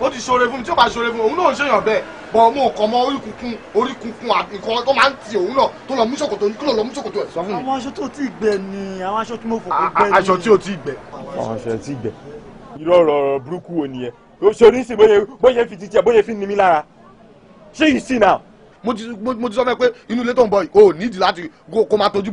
ó ti ṣoore fún mi tí ó bá ṣoore fún mi òun náà ń ṣèyàn bẹ́ẹ̀ bọ̀ ọmọ ò kọ́ mọ́ orí kunkun orí kunkun nǹkan tó máa ń ti òun náà tó lọ mú ṣòkòtò ní kí ló lọ mú ṣòkòtò ẹ̀ sọ fún mi. àwọn aṣọ tó ti gbẹ ni àwọn aṣọ tí mo fò kó gbẹ ni. aṣọ tí ò ti gbẹ. àwọn aṣọ tí gbẹ. irọ́ ọ̀rọ̀ burúkú wo nìyẹn o ṣe oníṣe bóyá fi ti tiẹ̀ bóyá fi ni mí lára ṣé yìí sì náà. mo ti sọ fẹ́ pé inú ilé tó ń bọ̀ yìí o nídìí láti kó máa tójú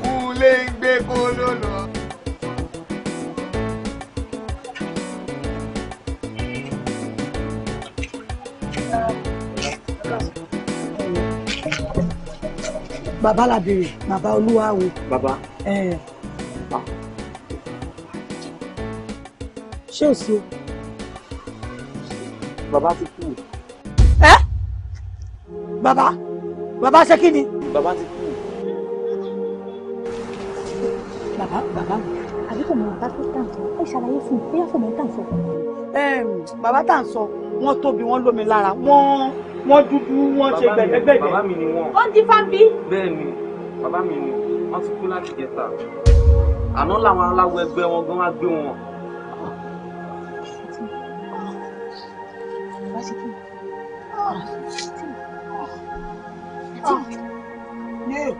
ilé ìgbé kó ló lọ. bàbá làbèrè bàbá olúwa wo. bàbá. ṣé ò sí o. bàbá ti kú. ẹ bàbá bàbá ṣe kí ni. bàbá ti kú. bàbá bàbá mi àbí kò mọ bàbá tó tà ń sọ ẹ ṣàlàyé fún mi bóyá kò mọ tà ń sọ. bàbá tà ń sọ wọn tóbi wọn lómi lára wọn wọn dúdú wọn ṣe gbẹdẹgbẹdẹ. bàbá mi ni wọn. ó di fábí. bẹ́ẹ̀ ni bàbá mi ni wọn ti kú láti jẹta àná làwọn aláwọ ẹgbẹ́ wọn gan wá gbé wọn. Yeah.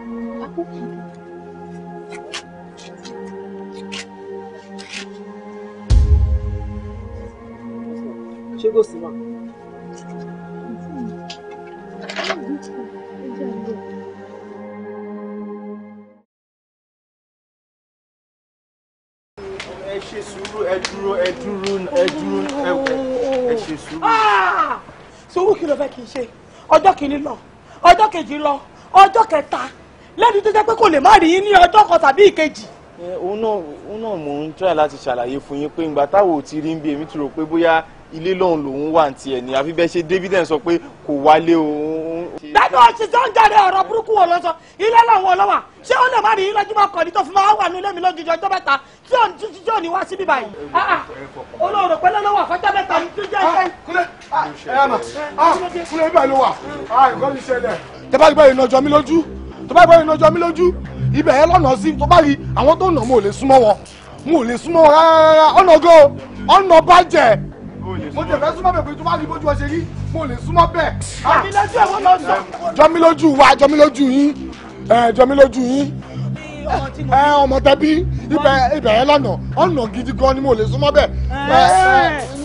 ṣé kò sí mà. ẹ ṣe sùúrù ẹ dúró ẹ dúró ẹ dúró ẹ ṣe sùúrù. Ah! sùúrù kí ló fẹ́ kí n ṣe ọjọ́ kìíní lọ ọjọ́ kejì lọ ọjọ́ kẹta lẹ́nu tó jẹ́ pé kò lè má rí yín ní ọjọ́ kan tàbí ìkejì òun náà mò ń try láti ṣàlàyé fún yín pé ìgbà táwọn ò ti rí ń bí èmi ti rò pé bóyá ilé lòun lòun wà ní tiẹ̀ ni àfi bẹ́ẹ̀ ṣe david ẹ̀ sọ pé kò wálé òun. dájú àṣìṣe ń jáde ọ̀rọ̀ burúkú wọn lọ sọ ilé làwọn ọlọ́wà ṣé ó lè má rí lọ́júmọ́ kan ní tó fi máa wà ní ilé mi lójijì ọjọ́ mẹ́ta tí ò ní tí ò ní wá síbí báyìí. Ah, ah. olóòrò pẹ́ lọ́wọ́ àfọ́jọ́ mẹ́ta ní tó jẹ́ ẹgbẹ́. kúlẹ̀ kúlẹ̀ ibà ló wà ìkọ́ni ah, ṣẹlẹ̀. tẹ́ bá gbẹ́ ìnàjọ́ mi lójú tó bá gbẹ́ ìnàjọ́ mi lójú ibẹ̀ ẹ lọ́nà sí tó bá rí àwọn tó nà mo ò lè súnmọ́ wọn mo ò lè súnmọ́ wọn rárá ọ̀nà go ọ̀nà bàjẹ́ mo tẹ̀ fẹ́ súnmọ́ bẹ̀ pé tó bá rí bójú ọṣẹ rí mo lè súnmọ́ bẹ̀. àmìlẹ́jọ́ ẹ̀ wọ́n lọ sọ. jọmílójú wa jọmílójú yín jọmílójú yín ẹ ọmọ tẹbí ibẹ̀ ibẹ̀ yẹn lánàá ọ̀nà gidi gan ni mo lè súnmọ́ bẹ̀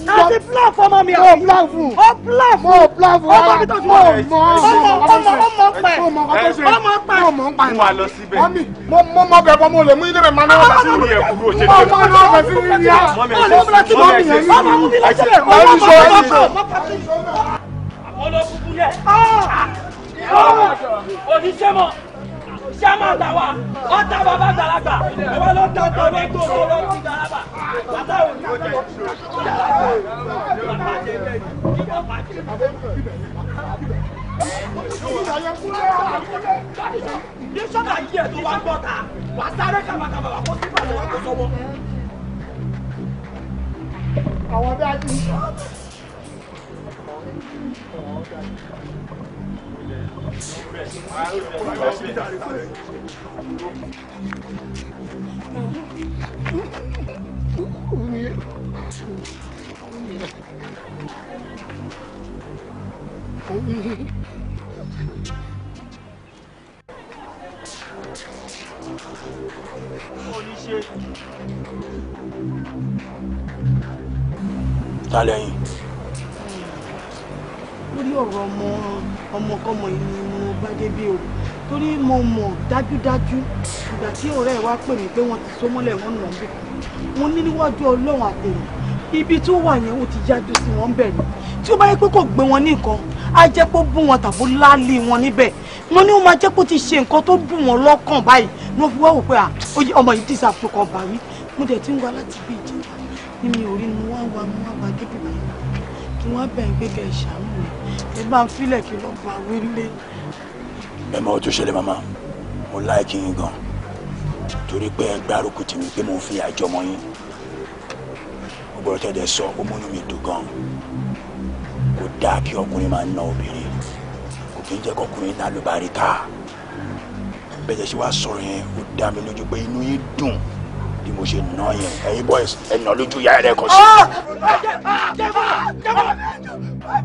a ti plan fún ọmọ mi àbí. mo plan fún. o plan fún. mo plan fún. ọmọ mi tó ti wọ. ọmọ ọmọ ọmọ pẹ. ọmọ pẹ. ọmọ pẹ. mo wà lọ síbẹ̀. mọ́mí mo mo mọ bẹ̀ bọ́ mo lè mú ilé bẹ̀ máa náwó bá sí ìyẹn kúrò ṣe lè. mo náwó bá sí ìyẹn yá. ọmọ mi láti mọ mi yẹn. ọmọ mi láti mọ mi yẹn. olókùnkùn ah. yẹn. oníṣẹ́ mọ̀ sẹ́mà làwà ọ̀tá bàbá gbàlagbà ìwọ ló tẹ ọ̀tọ̀ ló tó tó ló ti gbàlagbà bàtà òní ó jẹ gbàlagbà bàbá jẹ bẹ́ẹ̀ ni kí bàbá jẹ ní sọ́dà yìí tó wá gbọ́ ta wà sáré kàmàkàmà wà kó sí ìbàdàn wà kó sọ́wọ́. àwọn bí a ti ń sọ. Ta lẹ́yìn lórí ọ̀rọ̀ ọmọ ọmọkọ́mọ yìí mo bá débi o torí mo mọ̀ dájúdájú ìgbà tí ọ̀rẹ́ wa pè mí pé wọ́n ti so mọ́lẹ̀ wọn nà bẹ̀ mo ní níwájú ọlọ́run àtẹ̀yìn ibi tó wà yẹn ó ti yájú sí wọn bẹ̀ ni tí ó bá yẹ pé kò gbé wọn ní á jẹ́ pé ó bú wọn tàbó láàlì wọn níbẹ̀ mo ní ó máa jẹ́ pé ó ti ṣe nǹkan tó bù wọn lọ́kàn báyìí ni fi wá wò pé ọmọ yìí dìsa àpòkọ̀ bàwí mo dẹ̀ ti ń wá láti bí ìjẹta ni mi ò rí mo wá wa wá wa débi báyìí kí wọ́n bẹ̀ ń gbé kẹ́ ṣàánú mi ẹ bá ń filẹ̀ kí lọ bá wílé. ẹ mọ ohun ṣẹlẹ̀ màmá mo láìkí yín gan torí pé gbárùkù tì mí pé mo fi àjọ mọ yín mo gbọ́dọ̀ tẹ̀lé sọ ó múnú mi dùn gan kò dáa kí ọkùnrin máa ná obìnrin kò kí ń jẹ́ kọkùnrin náà ló bá rí ká bẹ́ẹ̀ jẹ́ wá sọ̀rọ̀ yẹn ó dá mi lójú pé inú yín dùn bí mo ṣe ná yẹn ẹ̀yin boys ẹ nà lójú yàrá ẹ̀ kan sí. Ah! Ah!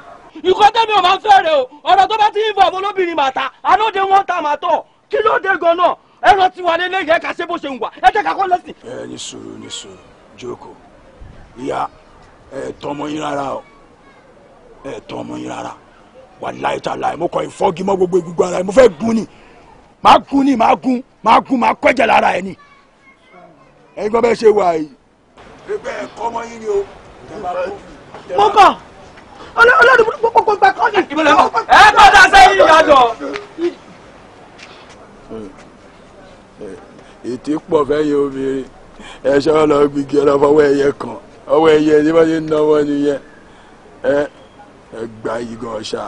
nǹkan tẹ́mi ò máa ń fẹ́ rẹ o ọ̀rọ̀ tó bá ti ń fọ àwọn olóbìnrin màtá alóde wọn ta màtọ̀ kí ló dé gan-an ẹran ti wà lélẹ́ yẹ ká ṣe bó ṣe ń wà ẹ jẹ́ ká kọ́ lẹ́sìn. ẹ ní sùúrù ní sùúrù jókòó ìyá ẹ tọmọ yín rárá o ẹ tọmọ yín rárá wà láì ta láì mo kọ ìfọ́gi mọ́ gbogbo egungun ara ẹ mo fẹ́ gun ni màá gun ni màá gun màá gun màá kọ́jẹ̀ lára ẹ ni ẹ̀yin kan bẹ́ẹ̀ ṣe wà yìí. ẹgbẹ́ ẹ̀ kọ́mọ yín ni o. mo kọ̀ olórí burúkú kò gbà kọ́ ni. ẹ padà sẹ́yìn ìyàtọ̀. ètè pọ̀ fẹ́yìn obìnrin ẹ̀ṣọ́ lọ gbígi ọlọ́fọwọ́ ẹ̀yẹ kan ọwọ́ ẹ̀yẹ tí wọ́n ti ń náwó nìyẹn ẹ gba yìí gan ṣá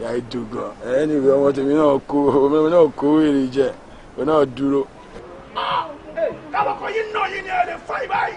yà á dùn gan ẹni ìwé ọmọ tèmi náà kó ọmọ tèmi náà kó èrè jẹ òun náà dúró. káwọn kan yìí nà yín ni ẹ lè fa ìbáyìí.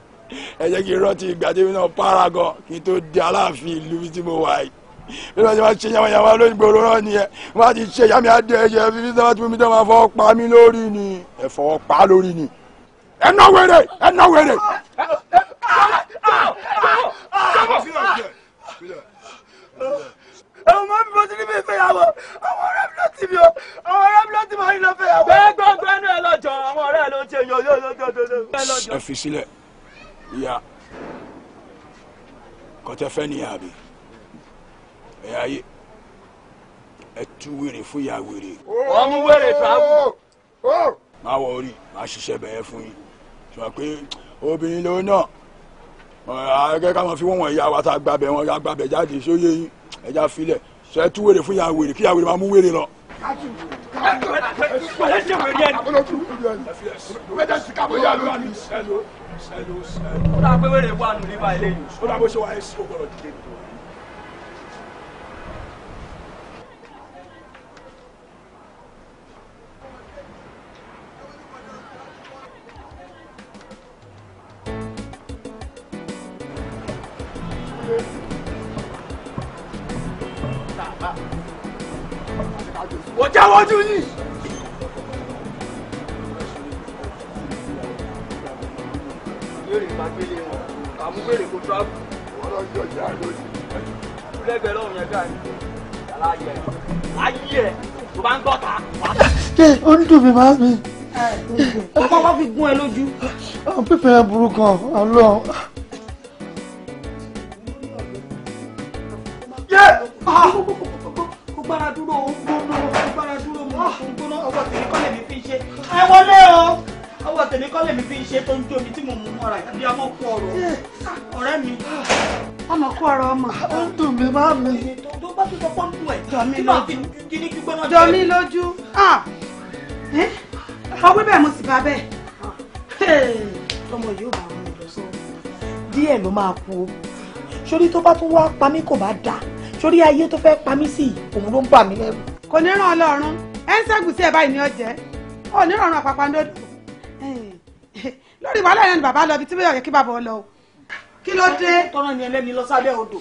ẹ jẹ́ kí n rántí ìgbà náà paragon kí n tó di aláàfin ìlú tí mo wà yìí bí wọ́n ti máa ṣe yamayama lórí gbòòrò náà nìyẹn wọ́n ti ṣe yàmi adé ẹ̀yẹ fífi sábà tí mo mi tẹ́ fọwọ́ pa mí lórí ni ẹ fọwọ́ pa lórí ni ẹ ná wèrè ẹ ná wèrè. àwọn ọmọ mi bọ́ sí níbi ìfẹ́yàwó àwọn ọ̀rẹ́ mi ló ti mi o àwọn ọ̀rẹ́ mi ló ti máa ń lọ fẹ́yàwó. bẹ́ẹ̀ gbọ́ngbọ́n ẹnu ẹ lọ́jọ́ àwọn ọ̀rẹ́ ló ń ṣe yòóyòó lọ́jọ́ tó lọ́jọ́. ẹ fi sílẹ̀ ya kɔtɛfɛ ni yaa bi ɛyà yi ɛtu wèrè fún yà wèrè. wọ́n mú wèrè tó a wù. má wọ orí má ṣiṣẹ́ bẹ̀yẹ fún yín sọ pé obìnrin ló náà àgẹ́ káwọn fi wọ́n wọ̀n ìyá wa tá a gbàbẹ̀ wọn a gbàbẹ̀ jáde sóyè yín ẹja filẹ̀ ṣe é tú wèrè fún yà wèrè kí yà wèrè má mú wèrè lọ ó dà pé wẹ́rẹ̀ wà nù ní báyìí lẹ́yìn ó dà wà ẹ́ sí ọgbọ̀rọ̀ dìde. wojú yìí. yóò rí ìpàgbélé wọn àmúgbèrè kò tó àbù. wọ́n lọ jọ ìyá lónìí. lẹ́gbẹ̀ẹ́ lọ́rùn yẹn dáa ní aláyẹ ayé ẹ̀ tó bá ń gbọ́ta. ṣé ó ń dùn mí máa mi. ọkọ wa fi gún ẹ lójú. pípẹ́ burúkú ọlọ́run. wọlé o ọwọ́ tèmi kọ́ lèmi fi ń ṣe tó ń jó mi tí mo mú mọ́ra ìdí ọmọ kú ọ̀rọ̀ eh. ah, ọ̀rẹ́ mi. ọmọ kú ọ̀rọ̀ ọmọ ah, ó ń dùn mí bá mi. tó bá tún kọ́kọ́ ń dùn ẹ̀ jọmí lójú jọmí lójú ah, eh? ọwọ́ bẹ́ẹ̀ mo sì bá bẹ́ẹ̀. ọmọ yóò bá wọn lọ sọ díẹ̀ ló máa kú o sórí tó bá tún wá pa mí kò bá dà sórí ayé tó fẹ́ pa mí sí òun ló ń bà mí lẹ́rù. kò ní ràn ọlọ́run ẹ ń ṣẹ́gun ẹ̀ báyìí ní ọ̀jẹ̀ ọ ní rọrùn àpàpàǹdodo lórí wàhálà yẹn ni bàbá lọ ibi tí bẹ́ẹ̀ yẹ kí bàbá ọ lọ o kí ló dé. tọ́nà ni ẹlẹ́ni lọ sábẹ́ odò.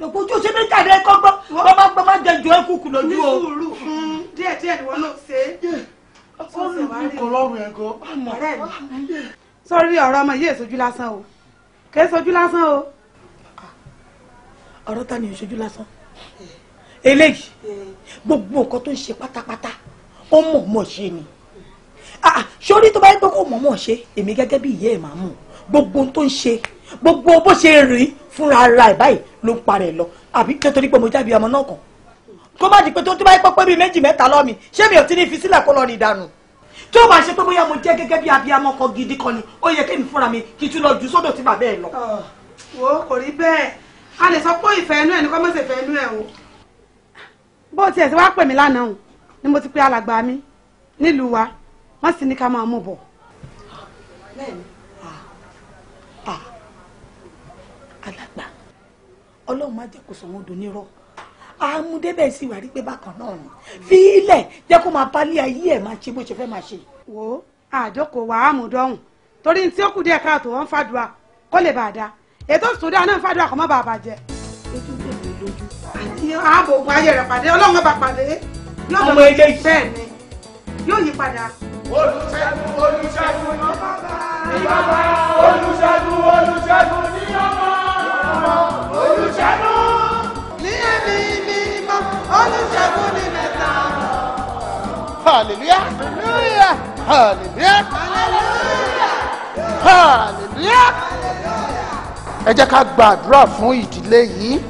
lọ́pọ̀ ojú ṣe mí jáde kọ́ gbọ́ wọ́n bá gbọ́ bá jẹ ju ẹkú kù lójú o. nísùúrù hmm. díẹ̀ díẹ̀ ni wọ́n lọ ṣe é. ó lù mí kò lọ́rùn ẹ̀ gan. ọ̀rẹ́ mi sọ́rí ọ̀rọ̀ ọmọ yìí èsojú lásán o kèé sojú lásán o. ọ̀rọ̀ ta ni èsojú lásán eléyìí gbogbo nǹkan tó ń ṣe pátápátá ó mọ̀ọ́mọ̀ ṣe ni. Ah, sórí tó bá yẹ pé kò mọ̀ọ́mọ̀ ṣe èmi gẹ́gẹ́ bí ìyá ẹ̀ máa mú gbogbo ohun tó ń ṣe gbogbo bó ṣe rìn fúnra ara ẹ̀ báyìí ló ń parẹ̀ lọ àbí nítorí pé mo jábí ọmọ náà kàn kó má di pé tó ń tó bá yẹ pé pé bíi méjì mẹ́ta lọ́mì ṣé mi ò ti ní fi sílẹ̀ kó lọ ní ìdànù tí ó bá ṣe pé bóyá mo jẹ́ gẹ́gẹ́ bí abiyamọ kan gidi kan ni ó yẹ kémi fúnra mi kí tún lọ jù sọ́dọ̀ tí bàbá ẹ̀ lọ. Ah, wo kò rí bẹ́ẹ̀ a lè sọ pé ìfẹ́ inú ẹ̀ ní kọ́ mọ̀ sí ìfẹ́ inú ẹ̀ o. bó tiẹ̀ sí wá pè mí lánàá ni mo ti pe alàgbà mi nílùú wa wọ́n sì ní ká máa mú bọ̀. alàgbà ọlọ́run má jẹ́ kó sọ wọn donírọ́ àmúdébẹ̀ sì wà rí pé bákan náà ni fi ilẹ̀ jẹ́ kó máa pálí ayé ẹ̀ máa ṣe bó ṣe fẹ́ máa ṣe. wo àjọkò wà á mú dọ́hùn torí tí ó kù díẹ̀ káàtó wọn fàdùà kó lè bàa da ètò ìsúndà náà fàdùà kò má bàa bàjẹ́. ètò ìgbẹ́ mi lójú. àti ààbò ogun ayé rẹ̀ pàdé ọlọ́run bá pàdé. ọmọ eléyìí bẹ́ẹ̀ ni yóò yí padà olùṣègùn olùṣègùn ní bàbá olùṣègùn olùṣègùn ní ọmọ olùṣègùn ní ẹ̀mí mímọ́ olùṣègùn ní mẹ́ta. hallelujah hallelujah hallelujah hallelujah hallelujah. ẹ jẹ́ ká gbàdúrà fún ìdílé yìí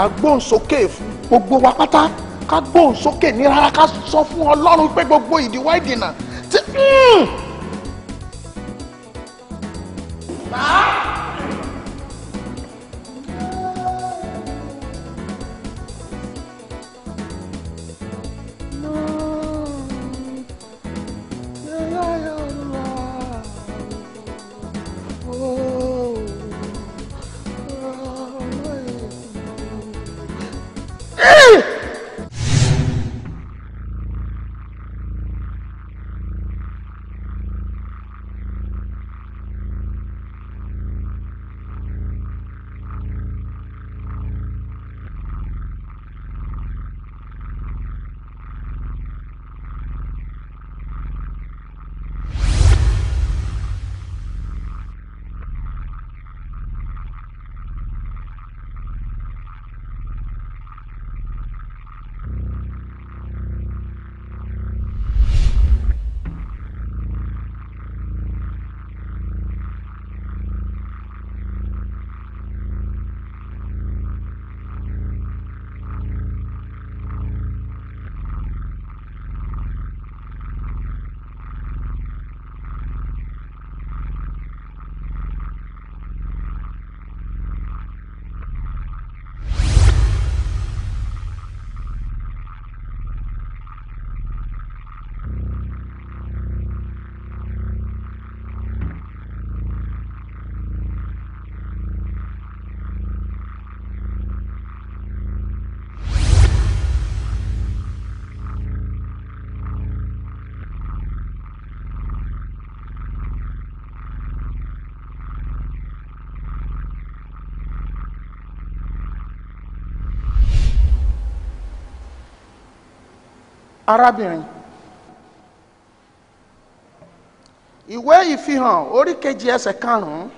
agbóhùnsókè fún gbogbo wa pátá ká gbóhùn sókè ní rárá ká sọ fún ọlọ́run pé gbogbo ìdíwọ́ ìdènà ṣe. Hm. bá a. arábìnrin ìwé ìfihàn orí kejì ẹsẹ̀ karùn-ún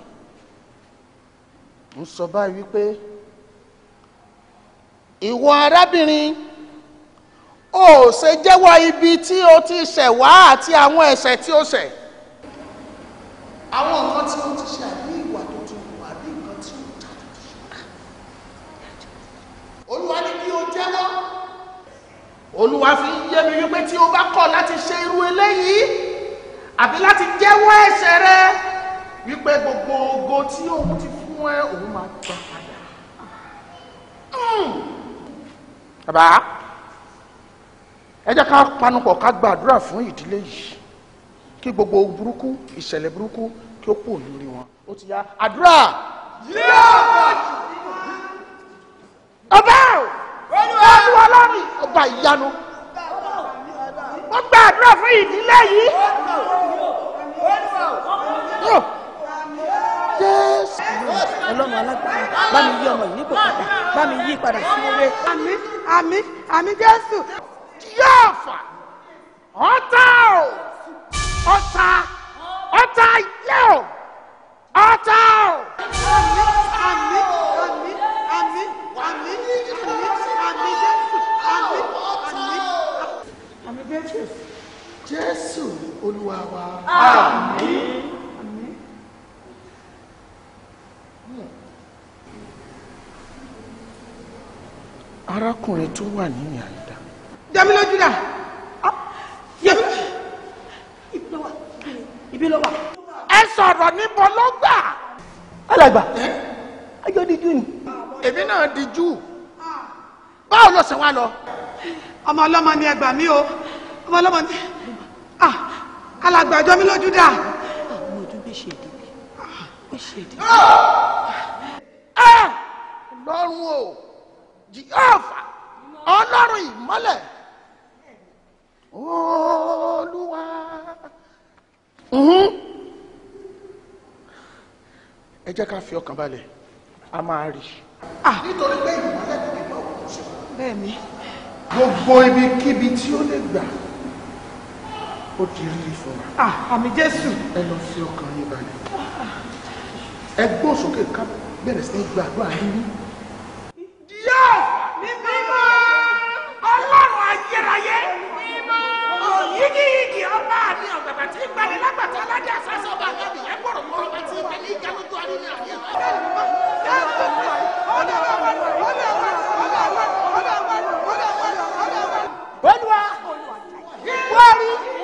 ń sọ báyìí wípé ìwọ arábìnrin ò ṣe jẹ́wọ́ ibi tí o ti ṣẹ̀ wá àti àwọn ẹ̀ṣẹ̀ tí o ṣẹ̀ àwọn olúwa fi ń yé mi wípé tí o bá kọ̀ láti ṣe irú eléyìí àbí láti jẹ́wọ́ ẹ̀ṣẹ̀ rẹ wípé gbogbo ogo tí òun ti fún ẹ òun máa gbà padà. Hmm. bàbá ẹ jẹ́ ká panupọ̀ ká gbàdúrà fún ìdílé yìí kí gbogbo burúkú ìṣẹ̀lẹ̀ burúkú kí ó pò lórí wọn ó ti yá àdúrà. yíyá ọba. ọba olúwa lọ́rùn ọba ìyanu wọ́n gba àdúrà fún ìdílé yìí. jésù ọlọ́run alágbára bá mi yí ọmọ yìí nípò padà bá mi yí padà sí oore. àmín àmín àmín jésù. yóò fà ọ̀tá o ọ̀tá ọ̀tá yóò ọ̀tá o. àmín àmín àmín ami, ami, ami, ami, ami, ami, ami, ami, jésù. jésù olúwa wa. ami, ami, arákùnrin tó wà nínú àyíká. dẹ́mi lójú dà. Ah! ibi ló wà. ẹ sọ̀rọ̀ níbo ló gbà. alàgbà ayọ̀díjú ni èmi náà di júù báwo ló ṣe wá lọ. ọmọ ọlọ́mọ ni ẹ gbà mí o ọmọ ọlọ́mọ ni ah, alàgbàjọ mi lójú dà. àwọn ojú bí ṣe dìbì bí ṣe dìbì. ọlọ́run o jehova ọlọ́run ìmọ́lẹ̀ olúwa mhm. ẹ jẹ́ ká fi ọkàn balẹ̀ a máa rí i. Ah. nítorí pé ìmọ́lẹ̀ ní mímọ́ òkú ṣe. bẹ́ẹ̀ni. gbogbo ibikíbi tí ó lè gbà ó ti rí ìfọ wa. Ah, àmì jésù. ẹ lọ fi ọkàn yín balẹ̀. ẹ gbọ́ sókè ká bẹ̀rẹ̀ sí gbàdúrà yín. díẹ̀ ní mímọ́ ọlọ́run ayérayé yígiyígi ọba àmì ọ̀gbàgbà tí ń gbani lágbàtà aládé àsásọ́ bàbá mi ẹ gbọ́dọ̀ mọ́ ọba tí ń gbani ìjánu tó a nínú àyè. olùwà wọ́ọ̀rì olùwà wọ́ọ̀rì. Yeah!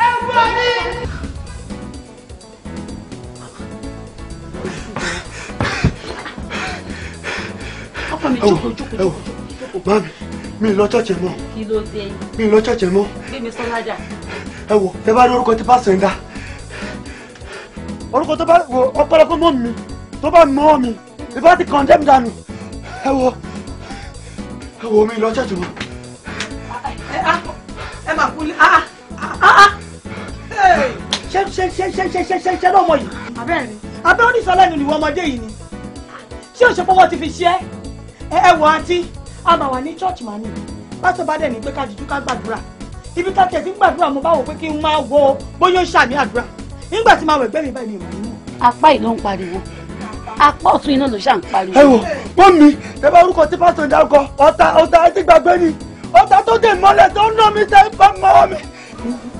Everybody! jókòó jókòó jókòó. mami mi lọ ṣọ̀ṣẹ̀ mọ́. kí ló dé. mi lọ ṣọ̀ṣẹ̀ mọ́. bí mi sọ́lájà. ẹ wo ẹ bá rí orúkọ tí pásítọ̀ ń dá. orúkọ tó bá wo ọpọlọ fún mọ́ mi tó bá mọ́ mi ìbá ti kàn dẹ́mi dànù. ẹ wo ẹ wo mi lọ ṣọ̀ṣẹ̀ mọ́. ẹ máa kú ní ṣe ṣe ṣe ṣe ṣe ṣe ṣe ṣe lọ́mọ yìí. abẹ́rẹ́ ni abẹ́ oníṣẹ́ aláìní ni ìwọ ọmọdé yìí ni ṣé òṣèpọ̀ wọ́n ti fi ṣe é ẹ wọ àǹtí a máa wà ní church mà ní pásítọ̀ bá dẹ̀ ní pé ká jùjú ká gbàdúrà ibi ká tẹ̀sí gbàdúrà mo bá wò pé kí n máa wo bóyá ó ṣàmì àdúrà nígbà tí màá wẹ̀ gbẹ́mí báyìí mi ò ní mọ̀. apá ìlú ń pariwo apá ọ̀tún iná ló ṣà ń pariwo. ẹ wò wọ́n mi ẹ bá orúkọ tí pásítọ̀ dárúkọ ọ̀tá ọ̀tá ẹ ti gbàgbé ni ọ̀tá tó dé mọ́lẹ̀ tó ń ná mi tẹ́ ń pa mọ́ mi.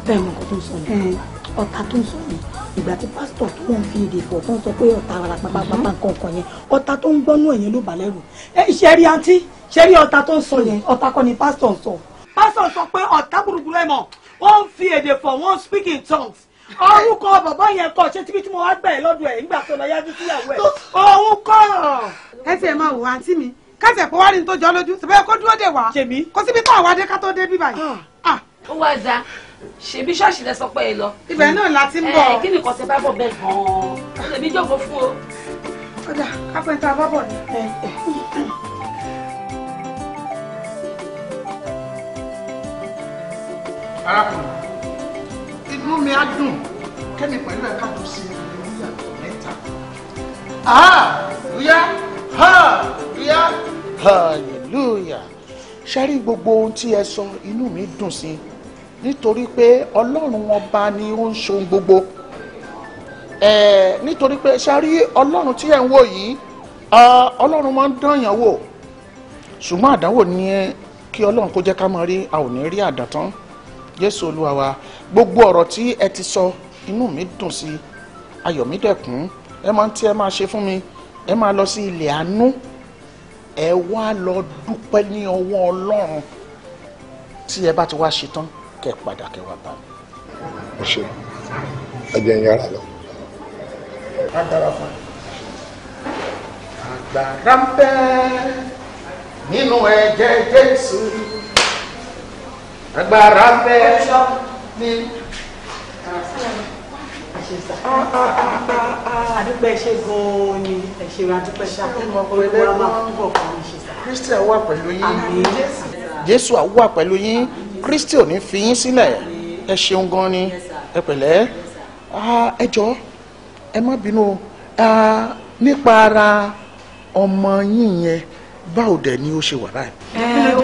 bẹ́ẹ̀ mo kò tó ń sọ yìí ọ̀tá tó ń sọ yìí ìgbà tí pásítọ̀ tó wọ́n fi èdè fọ̀ tó ń sọ pé ọ̀tá ara pàpàpàpà nǹkan kan yẹn ọ̀tá tó ń gbọ́nú ẹ̀yẹn ló bà lẹ́rù ṣẹ́rí àǹtí ṣẹ́rí ọ̀tá tó ń sọ yẹn ọ̀tá kọ́ ni pásítọ̀ ń sọ. pásítọ̀ sọ pé ọ̀tá burúkú ẹ̀ mọ̀ wọ́n ń fi èdè fọ̀ wọ́n ń speak in tongues orúkọ bàbá yẹn kọ ṣé tíbi tí mo wá gbà ẹ lọ́dọ̀ ẹ̀ nígbà tó lọ yájú síyàwó ẹ̀ òun kọ́ ẹ tiẹ̀ máa wò àǹtí mi kẹsẹ̀ kó wá rí ní tó jọ lójú ṣùgbọ́n kó dúró dè wá kó síbi tó àwọn adé ká tó dé bí báyìí. Ah. ó wá za ṣebí ṣọ́ọ̀ṣì lẹ sọ pé ẹ lọ. ibẹ̀ náà la ti ń bọ̀. ẹ kí nìkan tẹ bá bọ̀ bẹ́ẹ̀ gan-an ó lè mi jókòó fún o. kódà apẹ̀ntà bá bọ̀ ní. arákùnrin inú mi á dùn kẹ́mi pẹ̀lú ẹ̀ka tó ṣe ìyàtọ̀ mẹ́ta. ríyá ah, ríyá hallelujah ṣe rí gbogbo ohun tí ẹ sọ inú mi dùn sí i nítorí pé ọlọ́run ọba ni ó ń ṣohun gbogbo nítorí pé ṣárí ọlọ́run tí ẹ̀ ń wò yìí ọlọ́run máa ń dányàn wò ṣùgbọ́n àdánwò ni kí ọlọ́run kó jẹ́ ká máa rí a ò ní rí àdàtán jésù olúwa wa gbogbo ọ̀rọ̀ tí ẹ ti sọ inú mi dùn sí ayọ̀ mi dẹ̀kún ẹ máa ń tí ẹ máa ṣe fún mi ẹ máa lọ sí ilẹ̀ àánú ẹ wá lọ dúpẹ́ ní ọwọ́ ọlọ́run tí ẹ bá ti wá ṣetán kẹ́ padà kẹ́ wá bá mi. ẹ ṣe ẹjẹ ń yára lọ. agbára fún agbára ń bẹ nínú ẹ̀jẹ̀ Jésù agbára ń bẹ ní. àdúpẹ́ ṣe gan-an ni ẹ̀ṣẹ̀ àdúpẹ́ ṣe àfihàn ọkùnrin wa máa ń bọ̀ fún ìṣẹ̀ṣà. kristian wà pẹ̀lú yín jésù wà pẹ̀lú yín kristi ò ní fi yín sílẹ̀ ẹ ṣeun gan ni ẹ pẹ̀lẹ́ ẹ jọ̀ọ́ ẹ má bínú nípa ara ọmọ yín yẹn báwo dẹ̀ ni ó ṣe wà báyìí. ẹ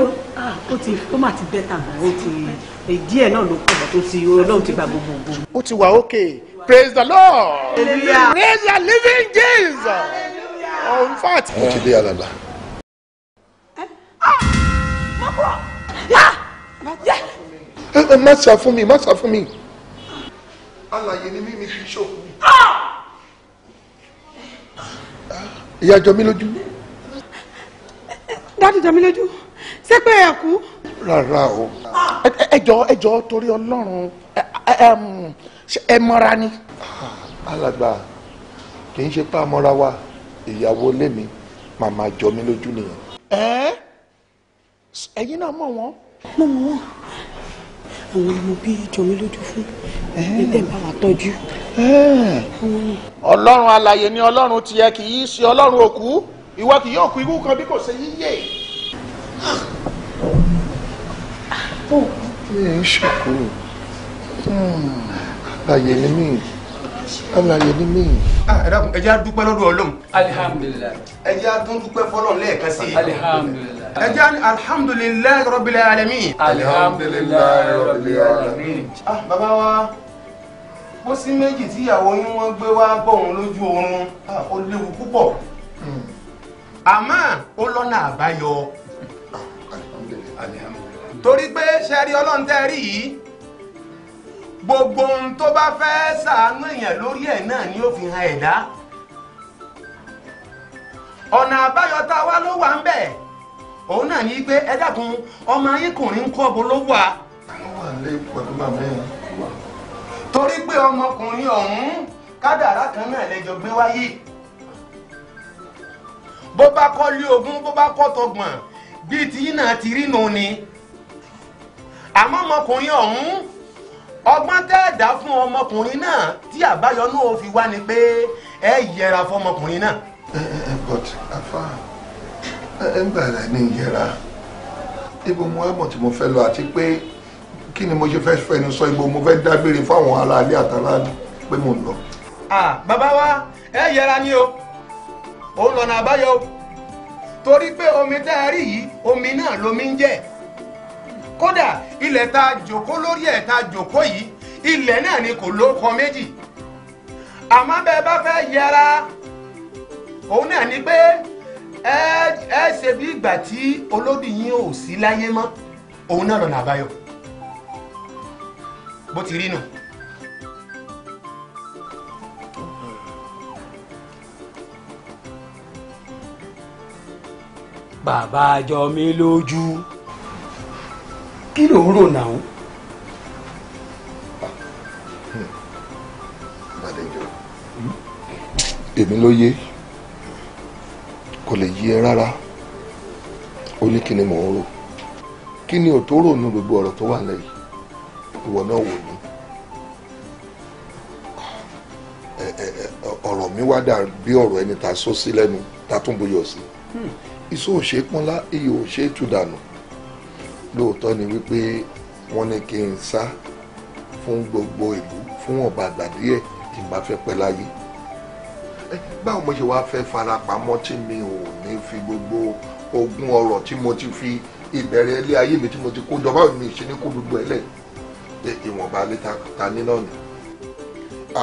ó ti ó mà ti bẹ́tà mọ́ ó ti díẹ̀ náà ló pọ̀ tó ti ọlọ́run ti gba gbogbo. ó ti wà ókè praise the lord Hallelujah. praise the living jesus oh in fact. wọ́n ti dé alàlà. Ah, mọ̀kúrọ̀ yá. Ah! ẹ má sá fún mi má sá fún mi. alàyè ni mímí kì í ṣòkú. ìyá jọ mí lójú. dáàdì jọ mí lójú ṣé pé ẹ kú. rárá o ah! ẹ jọ ẹ jọ torí Ọlọ́run ẹ um, mọ́ra ni. Ah! alàgbà kì í ṣe pé a wa ìyàwó lèmi màmá jọ mí lójú nìyẹn. ẹ náà mọ̀ wọ́n mo mọ̀ wọ́n àwọn ọmọ bí jọ mí lójú fún ẹgbẹ́ bá wa tọ́jú. ọlọ́run alààyè ni ọlọ́run tiẹ̀ kì í ṣe ọlọ́run òkú ìwọ kì yóò kú ikú kan bí kò ṣe yíyé. ó ẹ ń ṣòkò hmm. alààyè ni mí alààyè ni mí. Ah, ẹ dákun ẹ jẹ́ àdúpẹ́ lọ́dọ̀ ọlọ́run. alihamudulilayi. ẹ jẹ́ àdúpẹ́ fọlọ́run lẹ́ẹ̀kan sí i. alihamudulilayi ẹ jẹ́ alhamdulilayi rabbil alamin. alhamdulilayi rabbil alamin. ah bàbá wa pósí méjì tíyàwó yín wọ́n gbé wá bọ̀hún lójú oorun ah, ó léwu púpọ̀ hmm. àmọ́ ó lọ́nà àbáyọ. torí pé sẹ́rí ọlọ́run yìí gbogbo ohun tó bá fẹ́ ṣàánú èèyàn lórí ẹ̀ náà ni ó fi hàn ẹ̀dá ọ̀nà àbáyọ tá a wá ló wà ń bẹ̀. òun náà ní pé ẹ kun ọmọ ayínkùnrin ń kọ́ bo ló wà. àwọn wà lé pẹ̀lú màmá ẹ̀ torí pé ọmọkùnrin ọ̀hún kádàrá kan náà lè gbé wáyé bó bá kọ́ lé ogún bó bá kọ́ tọgbọ̀n bíi tí náà ti rí nù ni àmọ́ ọmọkùnrin ọ̀hún ọgbọ́n tẹ́ fún ọmọkùnrin náà tí àbáyọ náà fi wá ni pé ẹ yẹra fún ọmọkùnrin náà. ẹ eh, ẹ eh, eh, but afa. Uh, nígbà rẹ̀ ní ìyẹra ibo mo wá mọ̀ tí mo fẹ́ lọ àti pé kí ni mo ṣe fẹ́ fẹnu sọ ibo mo fẹ́ dágbére fáwọn aráalé àtàlá pé mo lọ. bàbá wa ẹ yẹra ni o òun lọ́nà àbáyọ torí pé omi tá a rí yìí omi náà lomi ń jẹ́ kódà ilẹ̀ tá jòkó lórí ẹ̀ tá jòkó yìí ilẹ̀ náà ni kò ló kọ méjì àmọ́ bẹ́ẹ̀ bá fẹ́ yẹra òun náà ni pé ẹ ṣe bí ìgbà tí olódì yín ò sí láyé mọ́ òun náà lọ́nà àbáyọ bó ti rí nù. bàbá jọ mí lójú. kí ló ń rò náà. Hmm. Hmm? èmi ló yé kò lè yí ẹ rárá ó ní kí ni mò ń rò kí ni òtó rò nu gbogbo ọ̀rọ̀ tó wà lẹ́yìn ìwọ náà wò ní. ọ̀rọ̀ mi wá dà bí ọ̀rọ̀ ẹni tá a sọ sí lẹ́nu tá a tún buyọ̀ sí hmm. iṣu òṣè pọ́nlá iyì òṣè tù dànù lóòótọ́ ni wípé wọ́n ní kí n sá fún gbogbo ìlú fún ọ̀bàgbà díẹ̀ tí n bá fẹ́ pẹ́ láyé. Eh, báwo mo ṣe wá fẹ́ fara pamọ́ tí mi ò ní fi gbogbo ogún ọrọ̀ tí mo ti fi ìbẹ̀rẹ̀ ilé ayé mi tí mo ti kó jọ mi ṣe ní kó gbogbo ẹ̀ ìwọ̀nba ilé ta ní náà ni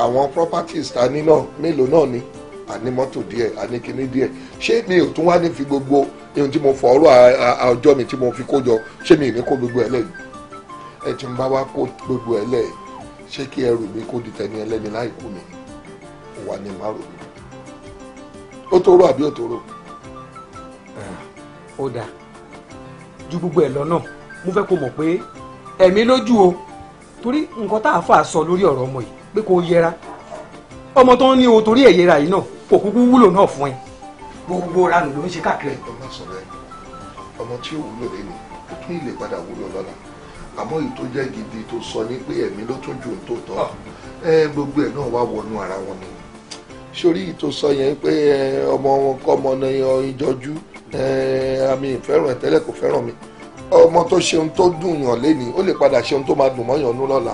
àwọn properties ta ní náà mélòó náà ni àní mọ́tò díẹ̀ àní kinní díẹ̀ ṣé mi ò tún wá ní fi gbogbo ohun tí mo fọ ọrọ̀ ọjọ́ mi tí mo fi kó jọ ṣé mi ì ní kó gbogbo ẹ̀ lẹ̀ ẹ ti ń bá wa kó gbogbo ẹ̀ ṣé kí ẹrù mi kó di tẹni ẹlẹ́ni láì kú mi wà ní márùn-ún ó tóró àbí ó tóró. ó dáa ju gbogbo ẹ̀ lọ náà mo fẹ́ kó mọ̀ pé ẹ̀mí lójú o torí nǹkan tá a fà sọ lórí ọ̀rọ̀ ọmọ yìí pé kó yẹra ọmọ tó ń ní o torí ẹ̀ yẹra yìí náà kò kúkú wúlò náà fún ẹ gbogbo ranù ló ń ṣe káàkiri. ọmọ sọ̀rọ̀ ẹ ọmọ tí ó wúlò lẹ́nu ó tún ilé padà wúlò lọ́la àmọ́ èyí tó jẹ́ gidi tó sọ ni pé ẹ̀mí ló tún ju òun tó tọ́ ah. ẹ gbogbo ẹ̀ náà wá wọnú ara wọn ni sórí ìtò sọ yẹn pé ọmọ wọn kọ́ ọmọ náà ìjọjú àmì ìfẹ́ràn ẹ̀tẹ́lẹ̀ kò fẹ́ràn mi ọmọ tó ṣeun tó dùn yàn lénìí ó lè padà ṣeun tó máa dùn mọ́ yàn nú lọ́la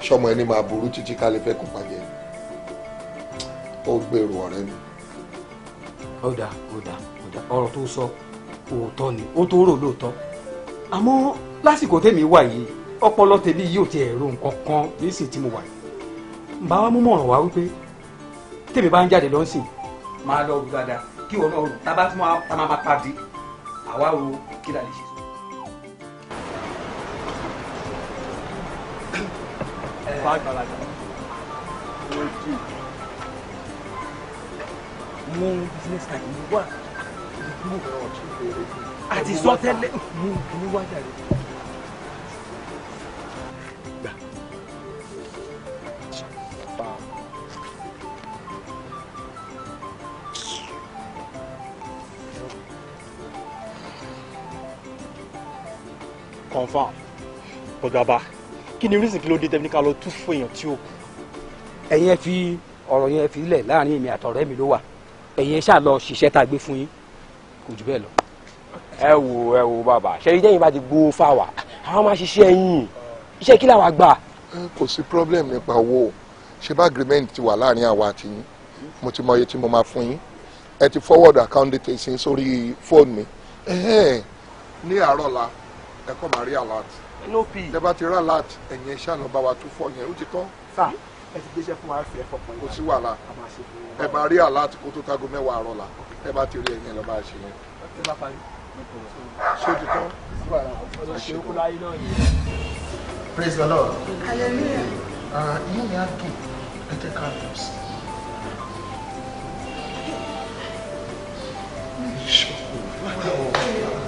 ṣọmọ ẹni máa burú títí ká lè fẹ́ kó pàjẹ́ ó gbèrò ọ̀rẹ́ mi. ó dáa ó dáa ó dáa ọ̀rọ̀ tó sọ òótọ́ ni ó tó rò lóòótọ́ àmọ́ lásìkò tèmi wà yìí ọpọlọ tèmi yìí ò tiẹ̀ ro nǹkan kan nísìnyí tí mo wà yìí bá wa mú mọ̀ràn wá wípé tèmi bá ń jáde lọ́sìn máa lọ rù dáadáa kí wọn náà rù tábà tí wọn á máa pàdé àwa ro kí lè ṣe. mo business card mi wà àti sọ tẹ́lẹ̀ mo ní wájà rẹ. confam bọ̀dọ̀ àbá kí ni reason kí ló dé tẹ́mi ká lọ tú fún èèyàn tí ó kù. ẹ̀yin ẹ fi ọ̀rọ̀ yẹn fi lẹ̀ láàrin èmi àtọ̀rẹ́ mi ló wà ẹ̀yin ẹ ṣáà lọ ṣiṣẹ́ tá a gbé fún yín kò jù bẹ́ẹ̀ lọ. ẹ wo ẹ wo bàbá ṣẹ́yìn tẹ́yìn bá ti gbó fáwà àwọn máa ṣiṣẹ́ ẹ̀yìn iṣẹ́ kí làwa gbà. kò sí problem nípa owó ṣe bá agreement ti wà láàrin àwa àti yín mo ti mọ iye tí mo máa fún yín ẹ ti forward account details sórí fóònù mi ní àárọ̀ la ẹ kọ́ máa rí alert. no p. ẹ bá ti rí alert ẹ̀yìn ẹ̀ṣá lọ bá wa tó fọ yẹn ó ti tọ́. sà ẹ ti gbéṣẹ́ fún wa fi ẹ̀fọ́ yẹn. kò sí wàhálà ẹ máa rí alert kó tó tágo mẹ́wàá àárọ̀ la ẹ bá ti rí ẹ̀yìn lọ bá ṣe yẹn. ẹ bá parí. ṣé o ti tọ́. praise the lord. hallelujah. inú uh, mi á dùn ẹ jẹ́ ká dùn sí i. Show. Wow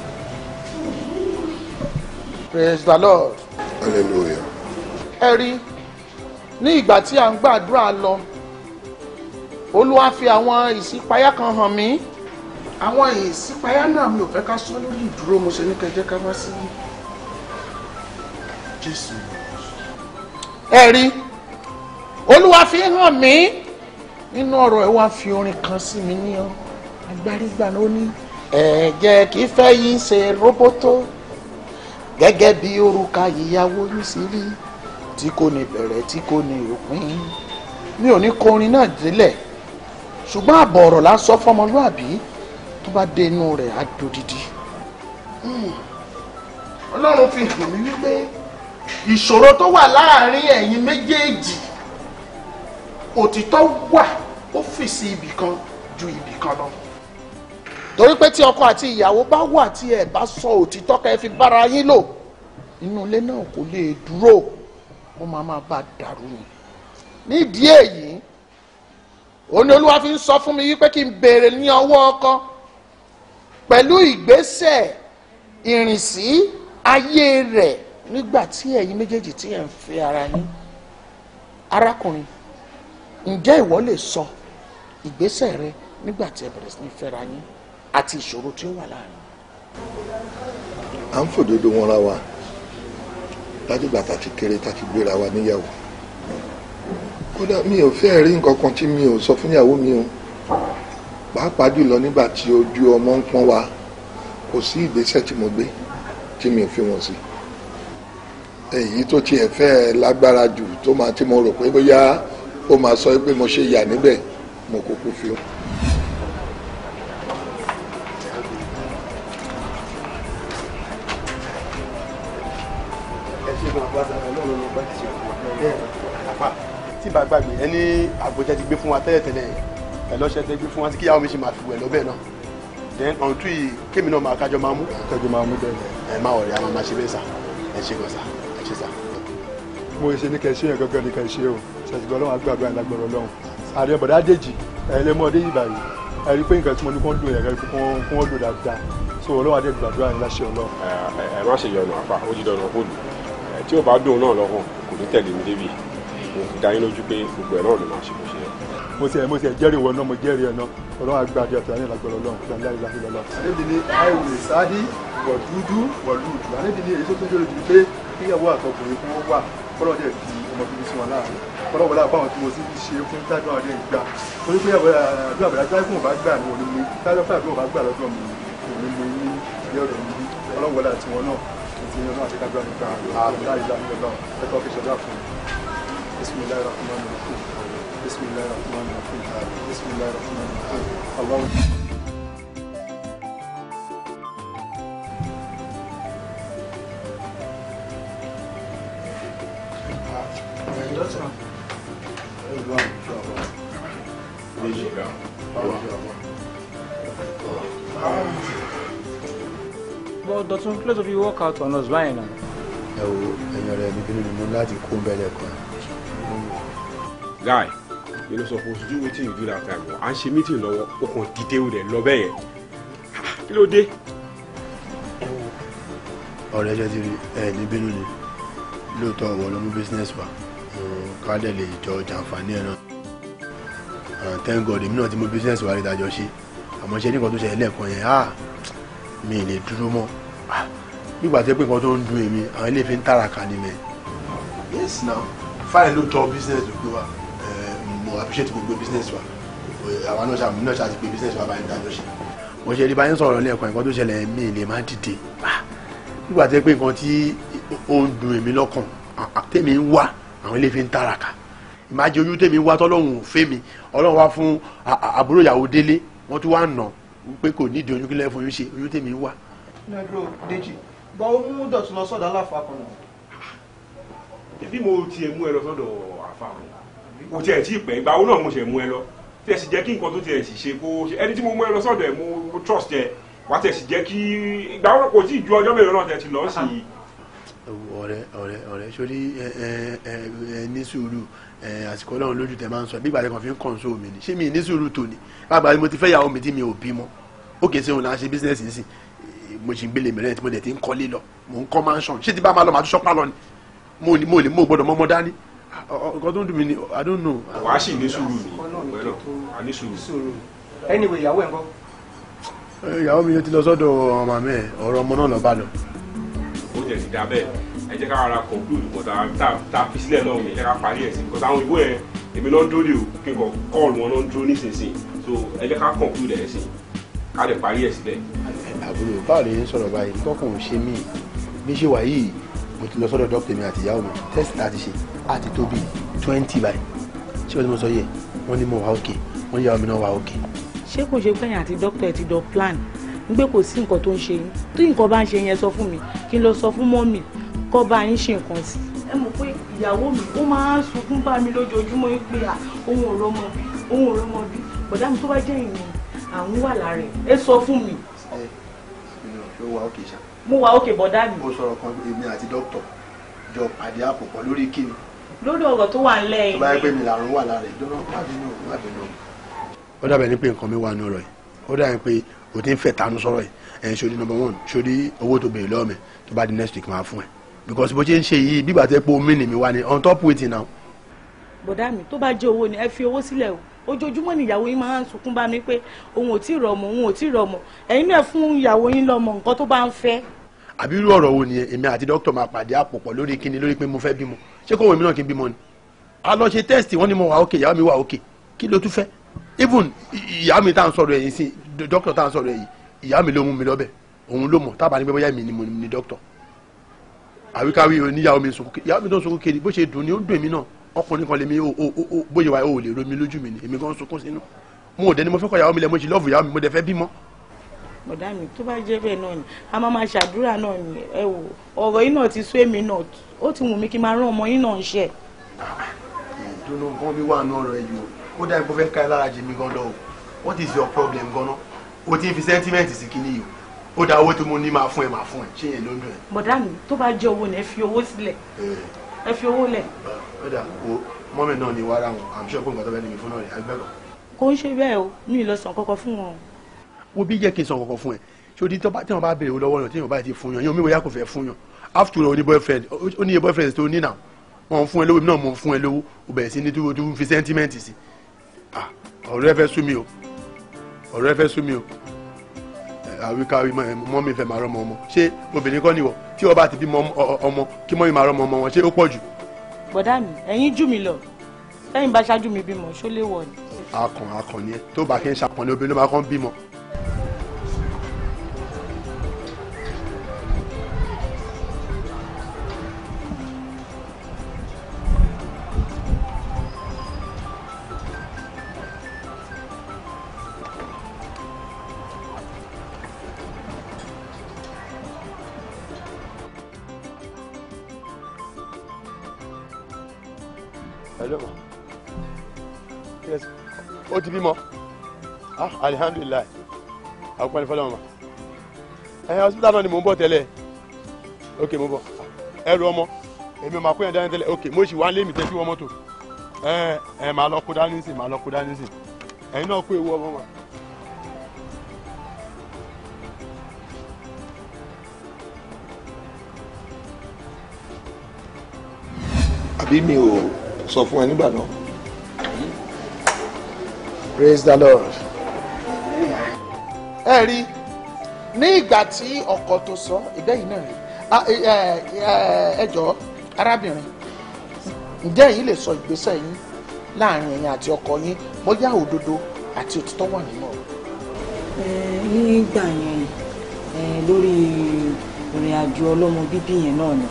praise the lord. hallelujah. ẹ rí ní ìgbà tí à ń gbàdúrà lọ olúwa fi àwọn ìṣípayá kan hàn mí àwọn ìṣípayá náà mi ò fẹ́ ká sọ lórí ìdúró mo ṣe ní kẹjẹ ká wá sí jésù. ẹ rí olúwa fi hàn mí nínú ọ̀rọ̀ ẹ wá fi orin kan sí mi ní agbárígbà ló ní. ẹ jẹ́ kí fẹ́ yín ṣe róbótó gẹ́gẹ́ bí òrùka ìyàwó yìí sí rí tí kò ní bẹ̀rẹ̀ tí kò ní òpin mi ò ní kọrin náà délẹ̀ ṣùgbọ́n àbọ̀ ọ̀rọ̀ la sọ fọmọlúàbí tó bá dé inú rẹ̀ á dodidi. Hmm. ọlọ́run fi hàn mí wípé ìṣòro tó wà láàárín ẹ̀yin méjèèjì òtítọ́ wà ó fì sí ibì kan ju ibì kan lọ torí pé tí ọkọ àti ìyàwó bá wà tí ẹ bá sọ òtítọ́ ká ẹ fi bára yín lò inú ilé náà kò lè dúró ó máa máa bá dàrú ni nídìí èyí òun ni olúwa fi ń sọ fún mi wípé kí n béèrè ní ọwọ́ ọkọ pẹ̀lú ìgbésẹ̀ ìrìnsí ayé rẹ̀ nígbà tí ẹ̀yin méjèèjì tí ẹ̀ ń fẹ́ ara yín arákùnrin ǹjẹ́ ìwọ lè sọ ìgbésẹ̀ rẹ nígbà tí ẹ bẹ̀rẹ̀ sí ní fẹ́ra yín àti ìṣòro tí ó wà láàrin. à ń fòdodo wọn ra wa látìgbà tá a ti kéré tá a ti gbéra wa níyàwó kódà mi ò fẹ́ rí nǹkan kan tí mi ò sọ fún ìyàwó mi o pàápàá jùlọ nígbà tí ojú ọmọ ń pọ́n wa kò sí ìgbésẹ̀ tí mo gbé tí mi ò fi wọn sí èyí tó tiẹ̀ fẹ́ lágbára jù tó máa tí mo rò pé bóyá ó máa sọ pé mo ṣe yà níbẹ̀ mo kúkú fi wọn. tí bá gbàgbé ẹni àgbọ̀jẹ́ ti gbé fún wa tẹ́lẹ̀tẹ́lẹ̀ ẹ̀lọ́ṣẹ́ tẹ́ gbé fún wa tí kíyàwó mi ṣe máa fi wẹ̀ lọ́bẹ̀ náà then ọ̀n tún yìí kémi náà máa kájọ máa mú. kájọ máa mú bẹ́ẹ̀ ẹ má ọ̀rẹ́ àwọn máa ṣe bẹ́ẹ̀ sà ẹ ṣe gan sà ẹ ṣe sà. mo ṣe ní kẹ́ ṣe yẹn gangan ní kẹ́ ṣe o ṣètìgbọ́ ọlọ́run àgbàgbà ìlàgbọ̀rọ̀ ọlọ́run ààrẹ bọ̀dá dèjì ẹlẹ́mọ̀ọ́dé ìbà yìí ẹ rí pé nǹkan tí mo ní kó ń lò yẹn kó ń lò dáadáa so ọlọ́run àdé gbàdúrà yín láṣẹ ọlọ́run. ẹ má ṣe yọnu àpá ó ti dọ̀nà kó lù tí ó bá dùn náà lọ́kàn kò ní tẹ̀lé mi débi mo fi dá yín lójú pé gbogbo ẹ̀ náà ló máa ṣe bó ṣe yẹ. mo ti ẹ mo ti ẹ jẹ́rìí ìwọ náà mo jẹ́rìí ẹ náà ọlọ́run àgbàdì ọ̀tọ̀ yẹn lágbára ọlọ́run kí wọ́n láyé láyé lọ́la. àdébí ni àìwé sáádì wọ̀ dúdú wọ̀ lùdù àdébí ni èyí tó tún jẹ́ lójú pé kíyàwó àtọkùnrin kí wọ́n wà kọ́lọ́ dẹ̀ fi ọmọ bíbí sí wọn láàrin kọ́lọ́ wọlé àbáwọn tí mo ti ń ṣe fún tájú àwọn ọdẹ ìgbà torí pé àdúrà bẹ̀rẹ̀ tájú fún ọba gbà ní òní mi tájú fún àdúrà ọba gbà lọ́dọ̀ mi òní mi ní ilé ọ̀dọ̀ mi kọ́lọ́ wọlé àtiwọn náà ti yan náà àti kájú àgbà àdáyé láti ọ̀dọ̀ ẹ̀kọ́ fi ṣọdá fún mi. بسم الله الرحمن الرحيم بسم الله الرحمن الرحيم بسم الله الرحمن الرحيم اللهم But Dr. if you walk out on us, why not? Ẹ wo ẹ̀yàn rẹ̀ níbi nínú láti kó bẹ́lẹ̀ kan guy you no suppose do wetin you do that time o à ń ṣe meeting lọ́wọ́ o kàn dìde o rẹ̀ lọ bẹ́ẹ̀ yẹn ah, kí ló dé. ọ̀rẹ́ ṣe ti rí ẹ ní bínú ni lóòótọ́ ọ̀wọ́ ló mú business wa ká dẹ̀ lè jọ jàǹfààní ẹ̀ náà ah, thank god èmi náà ti mú business wa rí dájọ́ ṣe àmọ́ ṣe nǹkan tó ṣẹlẹ̀ lẹ́ẹ̀kan yẹn ah mi ì lè dúró mọ́ nígbà ah, tó pé nǹkan tó ń dun èmi àwọn ilé ìfẹ́ ń tàràkà ni mẹ́ yes now fine ló tọ́ business ló gbé wa appreciate gbogbo business wa àwọn náà ṣàmì náà ṣàti pé business wa báyìí dájọ́ ṣe. mo ṣe rí báyìí sọ̀rọ̀ lẹ́ẹ̀kan nǹkan tó ṣẹlẹ̀ mí lè má dìde ah, nígbà tí pé nǹkan tí ó ń dùn èmi lọ́kàn ah, ah, tèmi ń wá àwọn ilé fi ń tàràkà ìmájí ojú tèmi wá tọ́lọ́hún ò fẹ́ mi ọlọ́run wá fún àbúrò ìyàwó délé wọ́n tún wá nà pé kò nídìí oyún kílẹ̀ fún oyún ṣe oyún tèmi ń wá. nẹ́dúró dèjì gba ohun dọ̀tún lọ sọ́dọ̀ aláfa kan náà. ìbí mo tiẹ̀ mú ẹ lọ sọ́dọ̀ àfa kan kò tiẹ̀ tí ì pẹ́ ìgbà wo náà mo ṣe mú ẹ lọ tí ẹ sì jẹ́ kí nǹkan tó tiẹ̀ sì ṣe kó ṣe ẹni tí mo mú ẹ lọ sọ́dọ̀ ẹ̀ mo trust ẹ wà á tiẹ̀ sì jẹ́ kí ìgbà wo kò tí ì ju ọjọ́ mélòó náà tẹ̀ ti lọ sí i. ọ̀rẹ́ ọ̀rẹ́ ọ̀rẹ́ sórí ẹ ẹ ẹ ní sùúrù ẹ àsìkò ọlọ́run lójú tẹ̀ máa ń sọ bí ìgbà tí kan fi ń kàn sóò mi ni ṣé mi ní sùúrù tòní lágbàá mo ti fẹ́ yàwó mi tí mi ò bímọ ó kè sí òun là ń ṣe bísíǹsì nísìn mo ṣì ń gbélé mìíràn tí ti ń kọ́lé nǹkan tó ń dùn mí ni i don't know. wàá sì ní sùúrù ni pẹ̀lú a ní sùúrù. anyway ìyàwó ẹ̀ ń kọ́. ìyàwó mi yóò ti lọ sọ́dọ̀ ọmọ mi ọ̀rọ̀ ọmọ náà lọ bá lọ. ó jẹ́ ti dà bẹ́ẹ̀ ẹ jẹ́ ká ara conclude nǹkan tá a fi sílẹ̀ náà ẹ jẹ́ ká parí ẹ̀ sí nǹkan táwọn ìbò yẹn èmi náà dúró de o kí n kọ kọ́ọ̀lù wọn náà dúró nísinsìnyí so ẹ jẹ́ ká conclude ẹ̀ sí ká lè parí ẹ̀ sílẹ̀. àbúrò báwo lè sọ̀rọ̀ báyìí tọkùn ò ṣe mí bí ṣe wà mo ti lọ sọ́dọ̀ dókítà mi àti ìyàwó mi test láti ṣe àti tó twenty by ṣé o ti mo sọ yẹ wọ́n ní mo wà òkè wọ́n ní ìyàwó mi náà wà òkè. ṣé kò ṣe pẹ́yìn àti dókítà ẹ̀ ti dọ̀ plan ń gbé kò sí nǹkan tó ń ṣe yín tí nǹkan bá ń ṣe yẹn sọ fún mi kí n lọ sọ fún mọ́mì kọ́ bá yín ṣe nǹkan sí. ẹ mọ̀ pé ìyàwó mi ó máa ń sunkún bá mi lójoojúmọ́ pé ohun ọ̀rọ̀ ọmọ bí ohun ọ̀rọ̀ ọmọ bí bọ̀dá mi tó bá jẹ́ ìyẹn àwọn wà lára ẹ sọ fún mi. ẹ ẹ ṣé o wà ó kì í ṣá mo wà ókè bọ̀dá mi. mo sọ̀rọ̀ kan èmi àti dókítà jọ pàdé àpòpọ̀ lórí kíni. lórí ọ̀rọ̀ tó wà ńlẹ̀ yìí. tó bá yẹ pé mi làrún wà lára ìdúró àbínú àbínú. ó dàbẹ̀ ní pé nǹkan mi wà ní ọ̀rọ̀ yìí ó dàbẹ̀ pé o ti ń fẹ̀ tanu sọ̀rọ̀ yìí ẹ̀ ṣòdì number one ṣòdì owó tó béèrè lọ́ọ̀mẹ̀ tó bá di next week máa fún ẹ because bó ṣe ń ṣe yìí bí bàtẹ́ pé omi nìmi wá ni on top waiting now. bọ̀dá mi tó bá jẹ́ owó ni ẹ fi owó sílẹ̀ o ojoojúmọ́ ni ìyàwó yín máa ń sunkún bá mi pé òun ò tí ì rọ̀mọ̀ òun ò tí ì rọ̀mọ̀ ẹ̀yin náà fún ìyàwó yín lọ́mọ nǹkan tó bá ń fẹ́ àbí irú ọ̀rọ̀ wo nìyẹn èmi àti dókítà máa pàdé àpòpọ̀ lórí kíni lórí pé mo fẹ́ bímọ ṣé kò wọ́n mi náà kí n bímọ ni a lọ ṣe test wọ́n ní mo wà òkè ìyàwó mi wà òkè kí ló tún fẹ́ even ìyá mi tá à ń sọ̀rọ̀ ẹ̀yìn sí dókítà tá à ń sọ̀rọ̀ ẹ̀yìn ìyá mi ló mú mi lọ́bẹ̀ òun ló mọ̀ tábà ní pé bóyá mi ni mo ni dókítà àwíkáwí oníyàwó mi sunkún ìyá bó ṣe dùn ni ó dùn èmi náà ọkùnrin kan lèmi bóyá wà ó lè romi lójú mi ni èmi gan sunkún sínú mo mo fẹ́ kọ́ ìyàwó mi lẹ́ mo ṣe lọ́ọ̀fù bọ̀dá mi tó bá jẹ́ bẹ́ẹ̀ náà ni a máa máa ṣàdúrà náà ni ẹ wò ọ̀rọ̀ yìí náà ti sú èmi náà ó ti wù mí kí n máa rán ọmọ yín náà ń ṣe. dunu nǹkan bí wà nù ọ̀rọ̀ ẹ yìí o ó dà nípa fẹ́ ká ẹ lára jẹ mí gan lọ o what is your problem gan-an o ti ń fi sẹ́ńtímẹ́ǹtì sí kinní yìí o ó dà owó tí mo ní máa fún ẹ máa fún ẹ ṣé yẹn ló ń dùn ẹ. bọ̀dá mi tó bá jẹ́ owó ni ẹ fi owó sílẹ̀ eh. ẹ fi owó lẹ̀. ó dà o mọ́mì náà ni wàrà wọn àmì wo bí jẹ́ kí n sọ kọ̀kọ̀ fún ẹ sódì tí wọ́n bá béèrè lọ́wọ́ yàn tí wọ́n bá ti fún yàn yàn mi wọ́n yà kò fẹ́ fún yàn after all oní boyfriend oní boyfriend tó ní nà wọ́n fún ẹ lówó náà mọ̀ fún ẹ lówó o bẹ̀rẹ̀ sí ní tí o fi sentiment sí ọ̀rẹ́ fẹ́ sú mi o ọ̀rẹ́ fẹ́ sú mi o àwíkáwí mọ́mí fẹ́ máa rọ́mọ ọmọ ṣé obìnrin kọ́ nìwọ tí ọba ti bímọ ọmọ kí mọ́mí máa rọ́mọ ọmọ wọn ṣé ó pọ̀ jù. bọ̀dá mi ẹ̀yin jù mí lọ sẹ́yìn bá ṣáájú mi bímọ ṣó lè wọ̀ ni. akàn akàn ni ẹ tó bá kí n ṣàpọ̀nlé obìnrin ló máa kàn bímọ alihamdulilayi àpẹẹrẹ fọlọ ọmọ ẹ hospital náà ni mò ń bọ̀ ok mo bọ. ẹrù ọmọ èmi ò máa kó yẹn ok mo sì wá lé mi tẹ́tí wọ mọ́tò ẹ ẹ máa lọ kó dání sí máa lọ kó dání sí ẹ̀yin náà kó ewu ọmọ wa. àbí sọ fún ẹ nígbà náà praise the lord. ẹ rí ní ìgbà tí ọkọ tó sọ ìgbẹ́ yìí náà rí ẹ jọ arábìnrin ǹjẹ́ èyí lè sọ ìgbésẹ̀ yín láàrin ẹ̀yin àti ọkọ yín bóyá òdodo àti òtítọ́ wà nínú ọ̀rọ̀. nígbà yẹn lórí ìrìn àjò ọlọ́mọ bíbí yẹn náà ni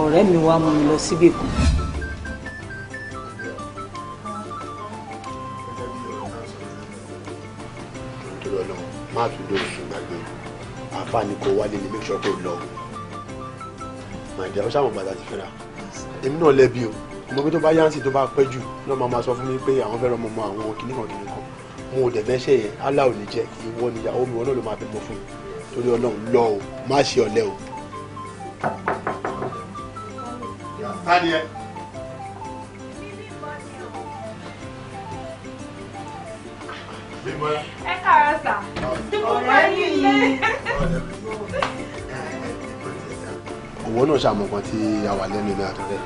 ọ̀rẹ́ mi wá mú mi lọ síbì kan. má tún lórí ṣùgbàgbé àǹfààní kò wálé ní make sure kò lọ my dear ó ṣàwọn bàtà ti fẹ́ra èmi náà lẹ́bi o mo gbé tó bá yánsì tó bá pẹ́ jù náà máa máa sọ fún mi pé àwọn fẹ́ràn ọmọ àwọn kìnnìkan kìnnìkan mo ò dẹ̀ mẹ́ṣẹ̀ yẹn Allah ò ní jẹ́ ìwọ níyàwó mi wọn náà ló máa fi mọ fún mi torí ọlọ́run lọ o má ṣe ọ̀lẹ o. ọ̀rẹ́ mi òwò náà ṣàmọ̀ kan tí a wà lẹ́nu ní àtúntẹ̀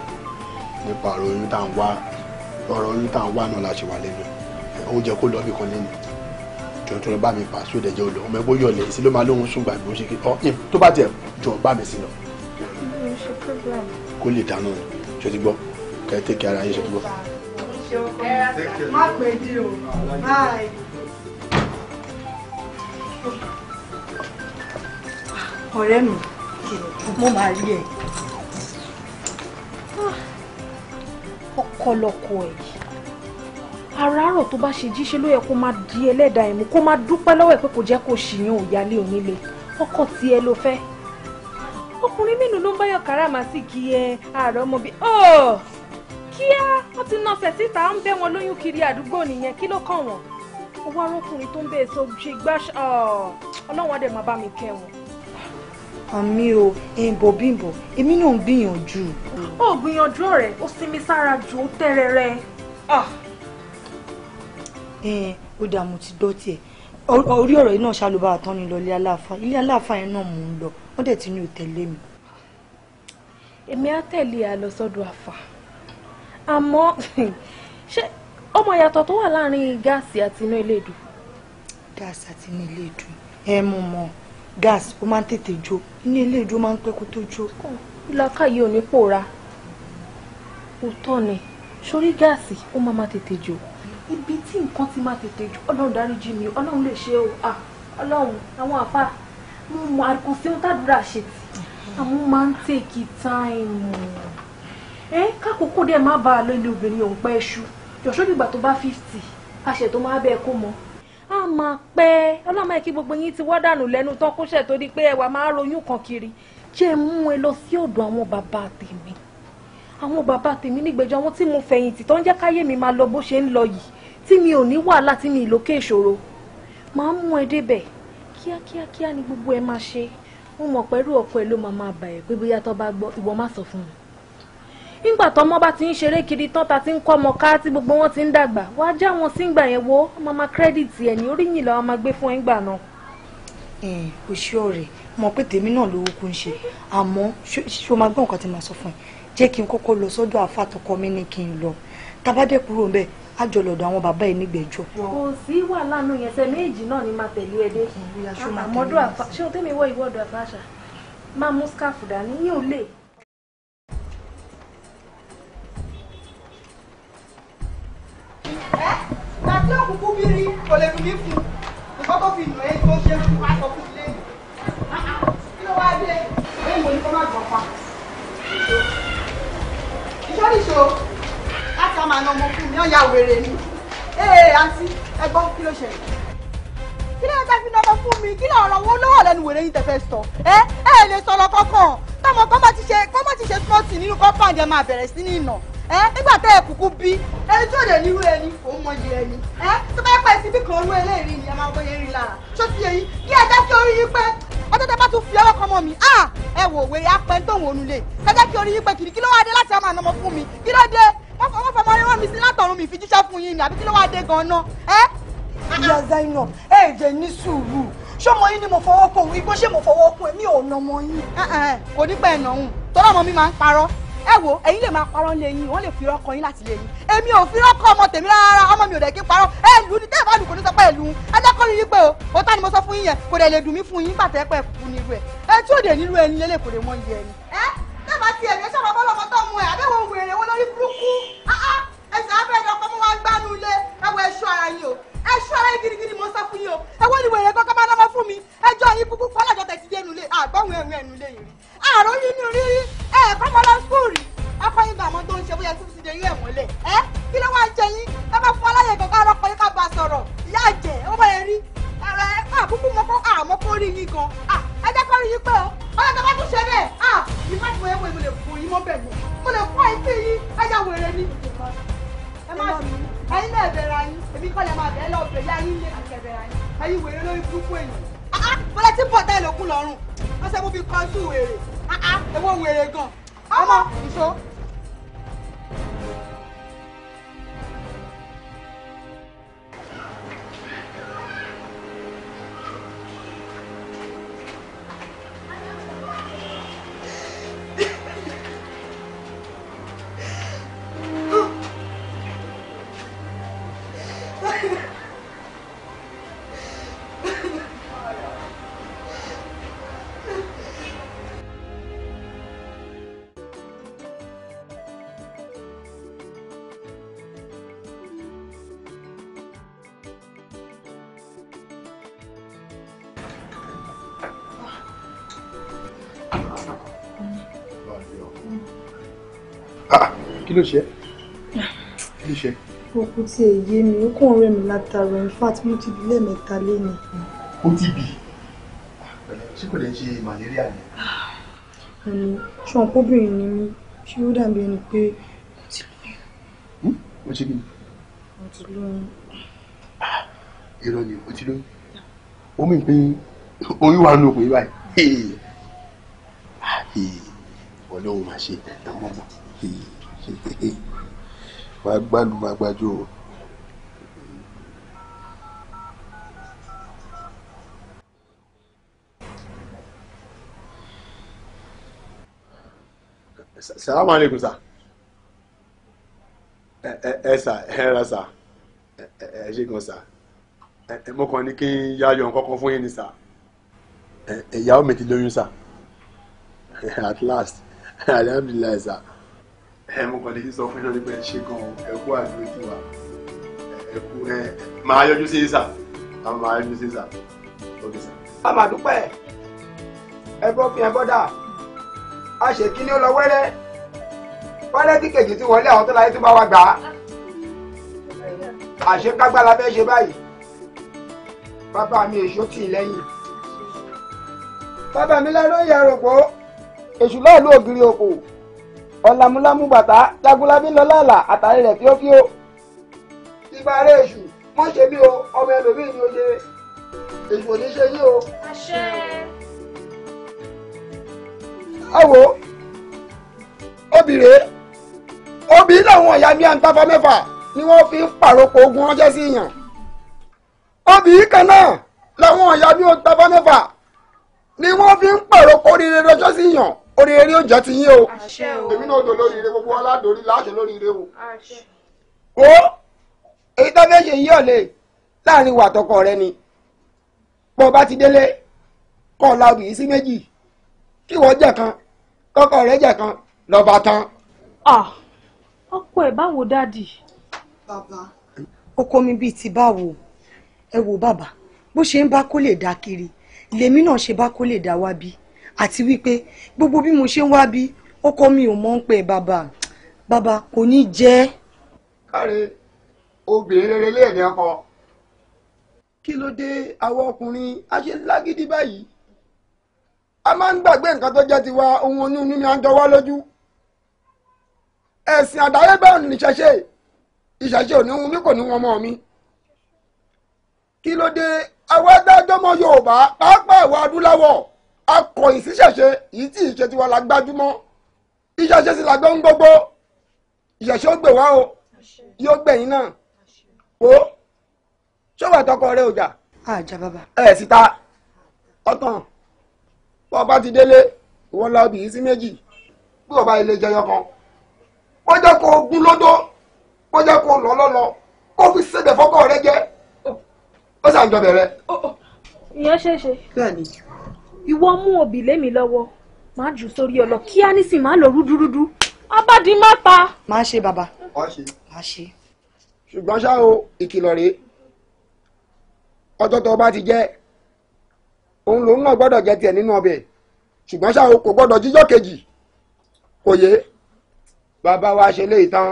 nípa ọ̀rọ̀ oyún tá à ń wá ọ̀rọ̀ oyún tá à ń wá náà la ṣe wà lẹ́nu oúnjẹ kó lọ́ọ́ bìkan lẹ́nu jọ̀ọ́ tó lọ bá mi fà sí òdẹ̀jẹ̀ olè ọmọ ẹgbẹ́ yọ̀lẹ̀ sí ló máa lóhun sùn gbàgbé oṣù kí ọ tó bá tiẹ̀ jọ̀ọ́ bá mi sí lọ. kó lè dáná ṣe ti gbọ́ kẹ́ẹ́ ara yín ṣe ti gbọ́. má pè é dí o báyìí ọ̀rẹ́ mi mo máa rí ẹ ọkọlọkọ ẹ àràárọ̀ tó bá ṣe jíṣe ló yẹ kó máa di ẹlẹ́dàá ẹ̀mú kó máa dúpẹ́ lọ́wọ́ ẹ̀ pé kò jẹ́ kó ṣìyàn òyàlé onílé ọkọ tí ẹ ló fẹ́ ọkùnrin mélòó ló ń báyọ̀ káràmà sí kí ẹ ààrẹ ọmọ bíi kíá wọ́n ti nọsẹ̀ síta ń bẹ́ wọn lóyún kiri àdúgbò nìyẹn kí ló kàn wọ́n owó arákùnrin tó ń bẹ̀rẹ̀ sọ jí gbáṣ ọlọ́run adẹ̀ máa bá mi kẹ́ àmì o ẹ̀ǹbọ̀ bímbọ̀ èmi náà ń gbìyànjú. ó gbìyànjú ọ̀rẹ́ ó sinmi sára ju ó tẹ́rẹ̀ rẹ. Ah! ó dààmú ti gbọ́ tiẹ̀ orí ọ̀rọ̀ yìí náà ṣàlùbá àtọ́ ni lọ ilé aláàfáà ilé aláàfáà yẹn náà mò ń lọ wọ́n dẹ̀ ti ní òtẹ̀lé mi. èmi á tẹ̀lé àlọ́sọ́dọ̀ e àfà àmọ́ ṣé ó mọ ìyàtọ̀ tó wà láàrin gáàsì àti iná eléèdú. gáàsì àti iná eléèdú ẹ mọ̀ mọ̀ gáàsì ó máa ń tètè jó iná eléèdú máa ń pẹ́ kó tó jó. ìlàkàyè ò ní pòórá òótọ́ ni sórí gáàsì ó máa máa tètè jó ibi tí nǹkan ti máa tètè jó ọlọ́run dáríjì mi ọlọ́run lè ṣe o ọlọ́run àwọn àfa mo mọ àkàn sí ohun tàdúrà ṣe tì àwọn máa ń tèkì táìmù ẹ kákòókò dẹ̀ má bàa lọ ilé obìnrin òun pẹ́ ṣú jọ̀ṣọ́ dìgbà tó bá fifty àṣẹ tó máa bẹ́ẹ̀ kó mọ. a máa pẹ́ ọlọ́mọ ẹ̀ kí gbogbo yín ti wọ́ dànù lẹ́nu tọ́kúṣẹ̀ tó di pé ẹwà máa ronú kan kiri jẹ́ mú ẹ lọ sí ọ̀dọ̀ àwọn bàbá tèmi àwọn bàbá tèmi nígbẹ̀jọ àwọn tí mo fẹ̀yìntì tó ń jẹ́ káyé mi máa lọ bó ṣe ń lọ yìí tí mi ò ní wàhálà tí mi ìlókè ìṣòro máa mú ẹ débẹ̀ kíákíákíá ni gbogbo ẹ máa ṣe mo mọ̀ pẹ̀lú ọ̀pọ̀ ẹ ló máa máa bà ẹ́ pé bóyá tó bá gbọ́ ìwọ má sọ fún mi nígbà tó ọmọ bá ti ń ṣeré kiri tán ta ti ń kọ́ ọmọ ká tí gbogbo wọn ti ń dàgbà wá já wọn sí ìgbà yẹn wo ọmọ máa kírẹ́dìtì ẹ̀ ní oríyìn làwọn máa gbé fún ẹ̀ ńgbà náà. ẹ kò sí ọ̀rẹ́ mọ̀ pé tèmi náà lówó kún ṣe àmọ́ ṣé o máa gbọ́ nǹkan tí màá sọ fún ẹ jẹ́ kí n kọ́kọ́ lọ sọ́dọ̀ àfàtọkọ mi ní kí n lọ tabadẹ kúrò ń bẹ àjọ lọ́dọ̀ àwọn bàbá yìí nígbẹ̀jọ́. kò sí wàhálà nù yẹn sẹ méjì náà ni máa tẹ̀lé ẹ dé àmọ́dọ̀ ṣé o tẹ́mi wọ ìwọ́dọ̀ àfàṣà máa mú scarf dání yín lè. ẹ tàbí òkùnkùn bírí kò lè dùn mí fún nǹkan tó fi nù ẹ́ tó ṣe fún wa sọ fún ilé mi ah, ah, kí ló wá dé ẹ̀yìn mo ní kó má gbọ̀n pa ìṣòríṣò láti àmà nà ọmọ fún mi ọ̀ya wèrè ni ee àǹtí ẹ gbọ́ kí ló ṣẹlẹ̀ kí ló ń tẹ́ fi nọ́mọ fún mi kí ló ń rànwọ́ lọ́wọ́ lẹ́nu wèrè yín tẹ́fẹ́ sọ ẹ ẹ lè sọ̀rọ̀ kankan tọmọ kọ́ bá ti ṣe kọ́ bá ti ṣe spọ́ọ̀tì nínú compound ẹ máa bẹ̀rẹ̀ sí ní ìnà ẹ nígbà tẹ́ ẹ kúkú bí ẹni tó lè nírú ẹni òun mọ yìí ẹni ẹ tó bá pẹ́ síbí kan orú eléyìí ni ẹ máa bọ́ yẹn rí lára tó ti yẹ yín kí ẹ jẹ́ kí orí yín pẹ́ ọjọ́ tẹ bá tún fi ọwọ́ kan mọ́ mi ẹ wò wèrè apẹ́ tó wọnú lè ẹ jẹ́ kí orí yín pẹ́ kiri kí ló wá dé láti ọmọ àná ọmọ fún mi kí ló dé wọ́n fọmọ rẹ mi sí látọ̀run mi fi jíṣẹ́ fún yín ni àbí kí ló wá dé gan-an náà ẹ ìyá Zainab ẹ jẹ́ ní sùúrù ṣọmọ yín ni mo fọwọ́ kún igbó ṣé mo fọwọ́ kún èmi ò nà ọmọ yín. kò ní pẹ́ ẹ̀nà òun tọ́lá ọmọ mi máa ń parọ́ ẹ wo ẹ̀yin lè máa parọ́ lé yín wọ́n lè fi rọ́kọ yín láti lé yín èmi ò fi rọ́kọ ọmọ tèmi rárá ọmọ mi ò dẹ̀ kí parọ́ ẹ lù ní tẹ́ẹ̀bá lù kò ní sọ pé ẹ lù ú ẹ jẹ́ kó rí yín pé o ó tá ni mo sọ fún yín yẹn kò dẹ̀ lè dùn mí fún yín bàtẹ́ pẹ́ kú nílùú ẹ ẹ tí ò dé nílùú ẹni lélẹ̀ kò dé mọ iye ẹni. ẹ tẹ́ẹ̀bá ti ẹ̀mí ṣọ́ọ̀bà bọ́ọ̀lù ọmọ tó mú ẹ àbẹ́wò wèrè wọn lórí burúkú ẹ̀sán abẹ́ẹ̀dọ́kọ́ mú wá gbánú ilé ẹ̀wọ̀ ẹ̀ṣọ́ ara yín o ẹ ṣú ara yín gidigidi mo sá fún yín o ẹ wọ́n ní wèrè kọ́kọ́ máa dáná fún mi ẹjọ́ yín kúkú fọlájọ tẹ̀sí dé nulẹ̀ àgbọ̀hún ẹ̀rù ẹ̀nu lè rí àrò yín ní orí rí ẹ ẹ̀kọ́ mọ́ lọ skul rí ọkọ yín gbà mọ́ tó ń ṣe bóyá síbi síbi eré ẹ̀mọ́lẹ̀ ẹ kí ló wáá jẹ yín ẹ bá fún aláyẹ gbọ̀ngàn ọlọ́kọ yín ká bá sọ̀rọ̀ ìyá àjẹ ó bá yẹ rí ẹ àkúkú mọ́ kó àmọ́ kó rí yín gan ẹ jẹ́ kó rí yín pé o ọ̀rẹ́ tó bá tún ṣe bẹ́ẹ̀ ìmọ̀ kọ́lẹ̀ máa bẹ̀ẹ́ lọ bẹ̀ẹ́ yá yín lé rẹ̀ ayé wèrè lórí burúkú èèyàn. Ah, ah, bọ́lá tí bọ̀dá ìlókun lọ́rùn wọ́n ṣe mú fi kọ́ sí wèrè èwo ah, wèrè gan ọmọ ìṣó ló ṣe kí ló ṣe. òkú tí ì yé mi ó kàn rẹ̀ mí látara in fact mo ti bí lẹ́ẹ̀mẹ́ta lẹ́nu. ó ti bì ṣé kò lè ṣe màlẹ́ríà ni. àmì ṣùgbọ́n kóbìnrin ni mí ṣé ó dàbí ẹni pé mo hm? ti lóyún. ó ṣe kí ni. ti lóyún. Ah, irọ́ ni o ti lóyún ó mì pé oyún wà nínú òkùnrin báyìí ah, ọlọ́run máa ṣe àwọn ọmọ máa gbálu máa gbájú o. salamu aleykum sa ẹ ẹ sa ẹ ra sa ẹ ẹ ṣe gan sa ẹ mo kàn ní kí n yá yọ nǹkan fún yín ni sa ẹ ìyàwó mi ti lóyún sa at last alhamdulilayi sa ẹ mo kàn lè sọ fún ṣọ́ni pé ẹ ṣe gan ẹ kú àdúró tí wa ẹ kú ẹ máa yọjú sí sà àwọn máa yọjú sí sà lókè sà. a máa dúpẹ́ ẹ bọ́ fi ẹ bọ́dà a ṣe kíní ó lọ wẹ́rẹ́ wẹ́rẹ́ tí kejì ti wọlé àwọn tó láyé tó bá wa gbà á àṣekágbára fẹ́ ṣe báyìí bàbá mi èso tì í lẹ́yìn bàbá mi lẹ́nu ìyá rògbò èṣù náà ló ògiri òkò ọ̀làmúlámú bàtà jagunlábí lọ lálà àtàrí rẹ̀ fíófíó. ìgbà rẹ̀ èṣù wọ́n ṣe bí o ọmọ ẹlòmíì ni o ṣe èṣù ò ní ṣe yí o. ẹ wo obìnrin obìnrin làwọn ìyá mi à ń tafa mẹ́fà ni wọ́n fi ń pàrọ̀pọ̀ ogun ránṣẹ́ sí yàn obìnrin kan náà làwọn ìyá mi ò ń tafa mẹ́fà ni wọ́n fi ń pàrọ̀pọ̀ oríire ránṣẹ́ sí yàn oríire yóò jẹ́ ti yín o èmi náà dò lórí ire gbogbo ọládòrí láṣẹ lórí ire o. o èyí tó fẹ́ ṣe yí ọ̀lẹ́ láàrin ìwà àtọkọ rẹ ni bọ́ bá ti délé kọ́ la obìnrin sí méjì kí wọ́n jẹ̀ kan kọ́kọ́ rẹ̀ jẹ̀ kan lọ́ba tán. ọkọ ẹ báwo dádì. bàbá ọkọ mi bíi ti báwo ẹ wo bàbá bó ṣe ń bá kó lè dá kiri lèmi náà ṣe bá kó lè dá wá bíi àti wípé gbogbo bí mo ṣe ń wá bí ọkọ mi ò mọ̀ ń pè bàbá bàbá kò ní jẹ́. káre obìnrin rere léèdè ọkọ kí ló dé àwọn ọkùnrin a ṣe lágídí báyìí a máa ń gbàgbé nǹkan tó jẹ́ tiwa ohun onú ni à ń jọ wá lójú ẹ̀sìn àdáyébá ò ní ìṣẹ̀ṣe ìṣẹ̀ṣe ò ohun mi kò ní wọn mọ́ mi kí ló dé àwọn ẹgbẹ́ ọjọ́ Yorùbá pàápàá ìwà adúláwọ̀ akọ̀yìn síṣẹ̀ṣe yìí tí ìṣe tiwa la gbájúmọ́ ìṣẹ̀ṣe sì la gbọ́ ń gbogbo ìṣẹ̀ṣe ó gbè wá o yóò gbẹ̀yìn náà o ṣọ́wọ́ àtọkọ rẹ ọjà. àjà bàbá. ẹ síta ọtàn bọ́ ọba ti délé ìwọ la obìnrin sí méjì bí ọba ilé jẹyọ kan wọ́n jẹ́ kó gún lódó wọ́n jẹ́ kó lọ́ lọ́lọ́ kó fi ṣèbẹ̀ fọ́kọ̀ rẹ jẹ́ ó sàn jọ bẹ̀rẹ̀. ìyẹn ṣeé ṣe. bẹ́ẹ̀ ni ìwọ mú obì lémi lọ́wọ́ máa jù sórí ọlọ kíá nísìn máa lọ rúdúrúdú abádi má pa. má ṣe bàbá má ṣe. ṣùgbọ́n ṣá o ìkìlọ̀ rèé ọjọ́ tó bá ti jẹ́ òun lòun náà gbọ́dọ̀ jẹ tiẹ̀ nínú ọbẹ̀ ṣùgbọ́n ṣá o kò gbọ́dọ̀ jíjọ́ kejì kò yé bàbá wa ṣe léyìí tán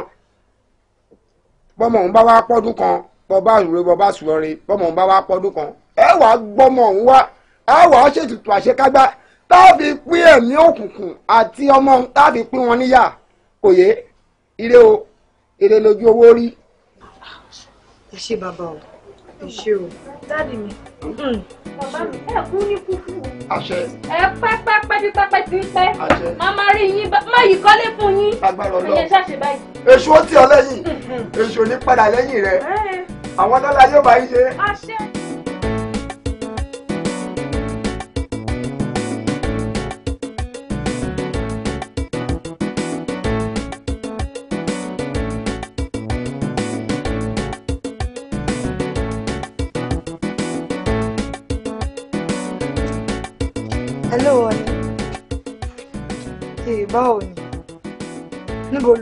bọ́mọ̀ òun bá wá pọ́dún kan bọ́ bá rúre bọ́ bá sùrọ̀ re bọ́mọ̀ òun bá wá pọ́dún kan ẹ wàá gbọ́mọ̀ òun wá ẹ wà á ṣètùtù àṣekágbá tá a fi pín ẹ̀mí òkùnkùn àti ọmọ tá a fi pín wọn níyà kò ire o ire lójú owó rí. ẹ ṣe bàbá o ẹ ṣe o. dáàdì mi mm. bàbá mi ẹ kú ní kúkú. àṣẹ. ẹ pẹ́pẹ́pẹ́ bí pẹ́pẹ́ ti ń pẹ́. àṣẹ. màmá rí yín má yìí kọ́lé fún yín. agbára Ọlọ́run ẹ̀yẹ ṣàṣẹ báyìí. èṣù ó tì ọ lẹ́yìn mm-hmm. èṣù ò ní padà lẹ́yìn rẹ àwọn lọ́la yóò bá yín ṣe. àṣẹ. báwo ni níbo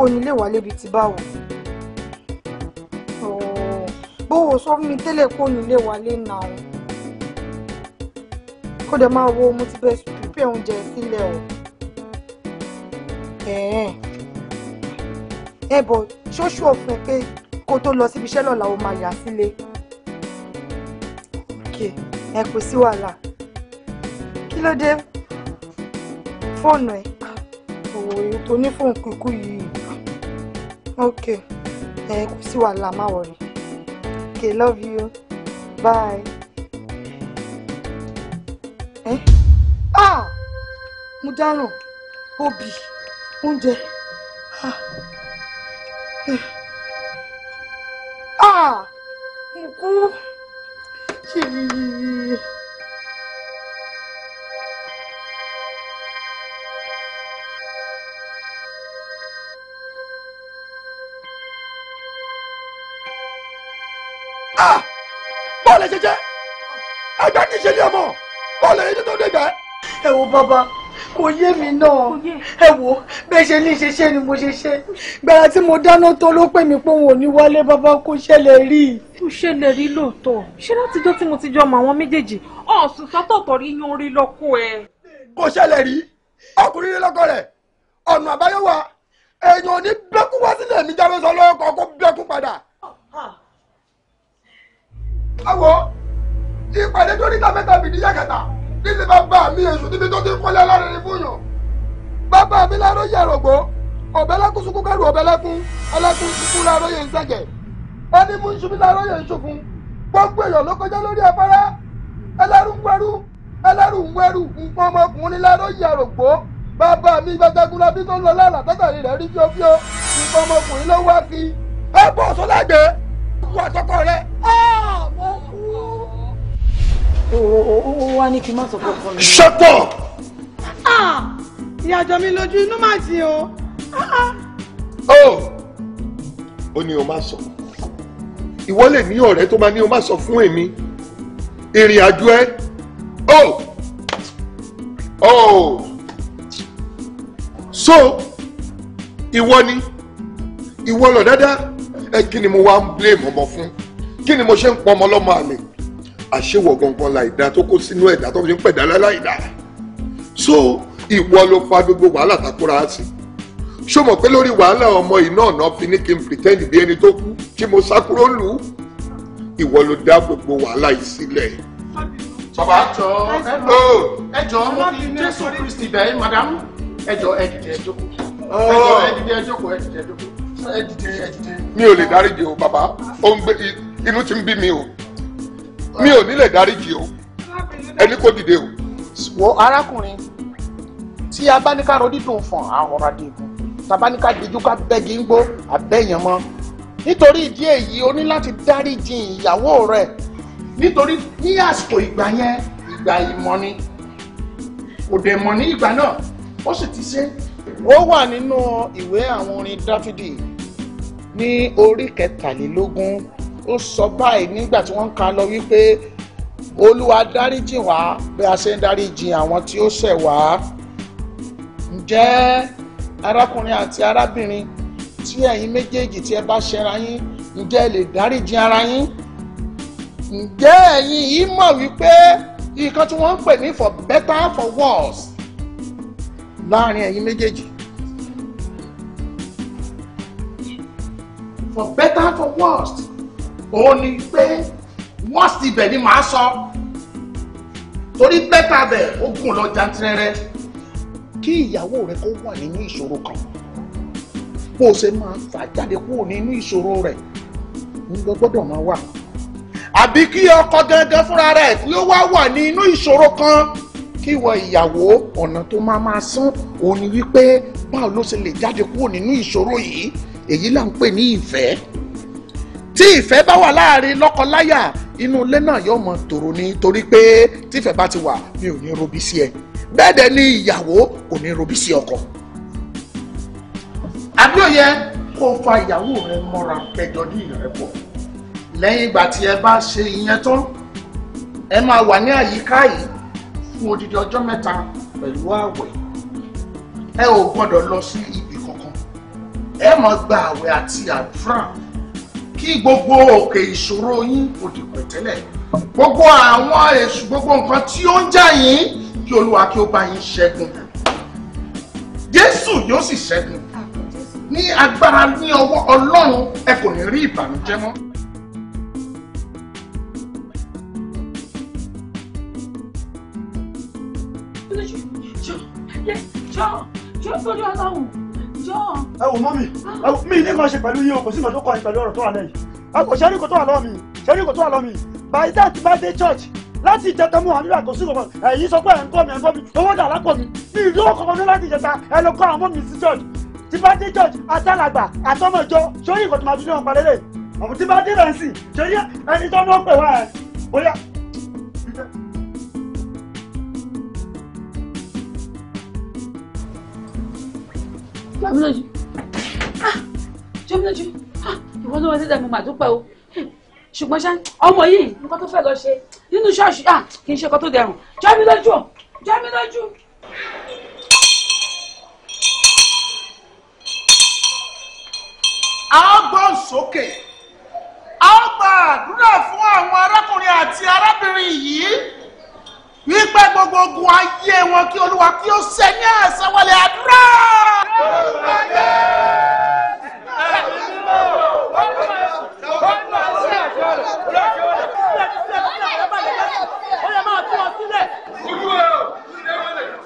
ló wà lébi ti báwo bówó sọ fún mi tẹ́lẹ̀ kó ní wà lé nà ó kó dẹ̀ máa wo mo ti bẹ pípẹ́ oúnjẹ sílẹ̀ o ẹ bọ̀ ṣóṣù ọ̀fun pé kó tó lọ síbi iṣẹ́ lọ́la ó máa yà sílé ẹ kò sí wàhálà kí ló dé fóònù ẹ̀ òwò ètò onífóònù kúkú yìí ok ẹ kò sí wàhálà má wọrí ok love you bye. Eh? Ah! mo dáràn obì oúnjẹ ah ah mo kú ṣèlérí. ẹgbẹ́ kì í ṣe ilé ọmọ ó lè yé tó dégbẹ́. ẹ wo bàbá kò yé mi náà ẹ wo bẹ́ẹ̀ ṣe ní ṣeṣe ni mo ṣe ṣe gbàrà tí mo dáná tó ló pè mí pé òun ò ní wálé bàbá kò ṣẹlẹ̀ rí. kò ṣẹlẹ̀ rí lóòótọ́ ṣé látijọ́ tí mo ti jọ mọ àwọn méjèèjì ọ̀sùn sọ́tọ̀ọ̀tọ̀ rí yan orí lọ́kọ ẹ. kò ṣẹlẹ̀ rí ọkùnrin rí rẹ̀ ọ̀nà àbáyọ wa èèyàn ní bẹ́kún wá sílẹ̀ mi jáwé sọ lọ́kọ̀ọ́ kó bẹ́kún padà. báwo ìpàdé tó níta mẹ́ta bìdí yàgàtà nílé bàbá mi èṣù níbi tó ti kọ́lé alárinrin fún yàn bàbá mi láró yẹ rògbò ọ̀bẹ lẹ́kún sunkún kẹrù ọ̀bẹ lẹ́kún ẹlẹ́kún sunkún láró yẹ nsẹ̀jẹ̀ ẹni mú nsúmi láró yẹ nsúfun gbogbo èèyàn ló kọjá lórí afárá ẹlẹ́rú ńwẹ́rú ẹlẹ́rú ńwẹ́rú nǹkan ọmọkùnrin láró yẹ bàbá mi gbẹdẹgúnlá shut up. Ah, ìyá àjọ mi lójú inú mà sí ah, ah. o. ó ní o má sọ ìwọ lè ní ọ̀rẹ́ tó máa ní o má sọ fún èmi ìrìn àjò ẹ ó ó so ìwọ ni ìwọ lọ dáadáa ẹ kí ni mo wá ń blame ọmọ fún kí ni mo ṣe ń pọ ọmọ lọ́mọ àlè àṣewọ̀ gangan láìda tó kó sínú ẹ̀dá tó fi ń pẹ̀dá láìda so ìwọ ló fa gbogbo wàhálà takora sí ṣó mọ̀ pé lórí wàhálà ọmọ yìí náà náà fi ní kí n pretend bí ẹni tó kú tí mo sá kúrò lù ú ìwọ ló dá gbogbo wàhálà yìí sílẹ̀. bàbá ẹjọ ẹjọ mo fi Jésù Kristi bẹ̀ẹ́ madamu ẹjọ ẹdìdẹ ẹjọkọ ẹjọ ẹdìdẹ ẹjọkọ ẹdìdẹ ẹjọkọ ẹdìdẹ ẹdìdẹ. mi ò lè dáríji o bàbá inú ti ń bí mi o mi ò nílẹ̀ dáríjì o ẹni kò dìde o. wo arákùnrin tí a bá ní ká rodí dùn fún àwọn adé ìbò tàbá ní ká dojú ká bẹ́gi ń gbó àbẹ́yàn mọ́ nítorí ìdí èyí o ní láti dáríjì ìyàwó rẹ nítorí ní àsìkò ìgbà yẹn ìgbà ìmọ̀ ni kò dẹ̀ mọ̀ ní ìgbà náà ó sì ti ṣe. ó wà nínú ìwé àwọn orin dáfídì ní orí kẹtàlélógún ó sọ báyìí nígbà tí wọ́n ń ka lọ wípé olúwa dáríjì wá bí a ṣe ń dáríjì àwọn tí ó ṣẹ̀ wá ǹjẹ́ arákùnrin àti arábìnrin tí ẹ̀yin méjèèjì tí ẹ bá ṣẹra yín ǹjẹ́ ẹ lè dáríjì ara yín ǹjẹ́ ẹ̀yin yìí mọ̀ wípé nǹkan tí wọ́n ń pè ní for better for worse láàrin ẹ̀yin méjèèjì for better for worse òun ni pé wọ́n sì bẹ̀ ni màá sọ torí bẹ́tà bẹ̀ ó gùn lọ jantirẹrẹ. kí ìyàwó rẹ kó wà nínú ìṣòro kan bó o ṣe máa fà jáde kúrò nínú ìṣòro rẹ nígbà gbọ́dọ̀ máa wà àbí kí ọkọ gangan fúnra rẹ kí ó wá wà ní inú ìṣòro kan kí ìwọ ìyàwó ọ̀nà tó máa máa sán òun ni wípé báwo ló ṣe lè jáde kúrò nínú ìṣòro yìí èyí là ń pè ní ìfẹ́ tí ìfẹ́ bá wà láàrin lọ́kọ-láyà inú ilé náà yóò mọ tòrò ni torí pé tífẹ́ bá ti wà mi ò ní robi sí ẹ bẹ́ẹ̀ dẹ̀ ni ìyàwó kò ní robi sí ọkọ. àbíòye kó o fa ìyàwó rẹ mọ́ra pẹ̀jọ ní ìrẹ́pọ̀ lẹ́yìn ìgbà tí ẹ bá ṣe ìyẹn tán ẹ máa wà ní àyíká yìí fún odidi ọjọ́ mẹ́ta pẹ̀lú ààwẹ̀ ẹ ò gbọ́dọ̀ lọ sí ibì kankan ẹ máa gba ààwẹ̀ àti àdúrà kí gbogbo òkè ìṣòro yín kò dìpẹ̀ tẹ́lẹ̀ gbogbo àwọn èṣù gbogbo nǹkan tí ó ń jà yín kí olúwa kí ó bá yín ṣẹ́gun jésù yóò sì ṣẹ́gun ní agbára ní ọwọ́ ọlọ́run ẹ kò ní rí ìbànújẹ́ mọ́. jọ jọ jọ sórí ọlọ́run ẹ wò mọ́ mi mi ní kan ṣe pẹ̀lú yín o kò sí ìmọ̀ tó kọ́ ìpẹ̀lú ọ̀rọ̀ tó wà lẹ́yìn ẹ kò ṣẹ́rí kò tó wà lọ́wọ́ mi ṣẹ́rí kò tó wà lọ́wọ́ mi by that bá dé church láti ìjẹta mú àdúrà kò sí kòkòrò ẹ̀yin sọ pé ẹ̀ ń kọ́ mi ẹ̀ ń kọ́ mi owó dà lápò mi mi ìlú kọ̀ọ̀kan ní láti ìjẹta ẹ lọ kọ́ àwọn mọ́mí sí church tí bá dé church àtàlàgbà àtọ́mọ̀ ìjọ sórí ìkọ̀tún máa dúdú wọn pa lélẹ̀ ọ̀hún tí bá dé rẹ̀ sí sórí ẹni tó mọ̀ pè wá ẹ̀ Jọmílójú ah, Jọmílójú ah, ìwọ ló wọ sí ìdààmú màdúpẹ́ o ṣùgbọ́n ṣá ọmọ yìí nǹkan tó fẹ́ lọ ṣe nínú ṣọ́ọ̀ṣì ah, kì í ṣe nǹkan tó dẹrùn Jọmílójú Jọmílójú. a gbọ́ sókè a gba àdúrà fún àwọn arákùnrin àti arábìnrin yìí wípé gbogbo ayé wọn kí olúwa kí ó ṣe ní àṣẹ àdúrà. Olúwa ò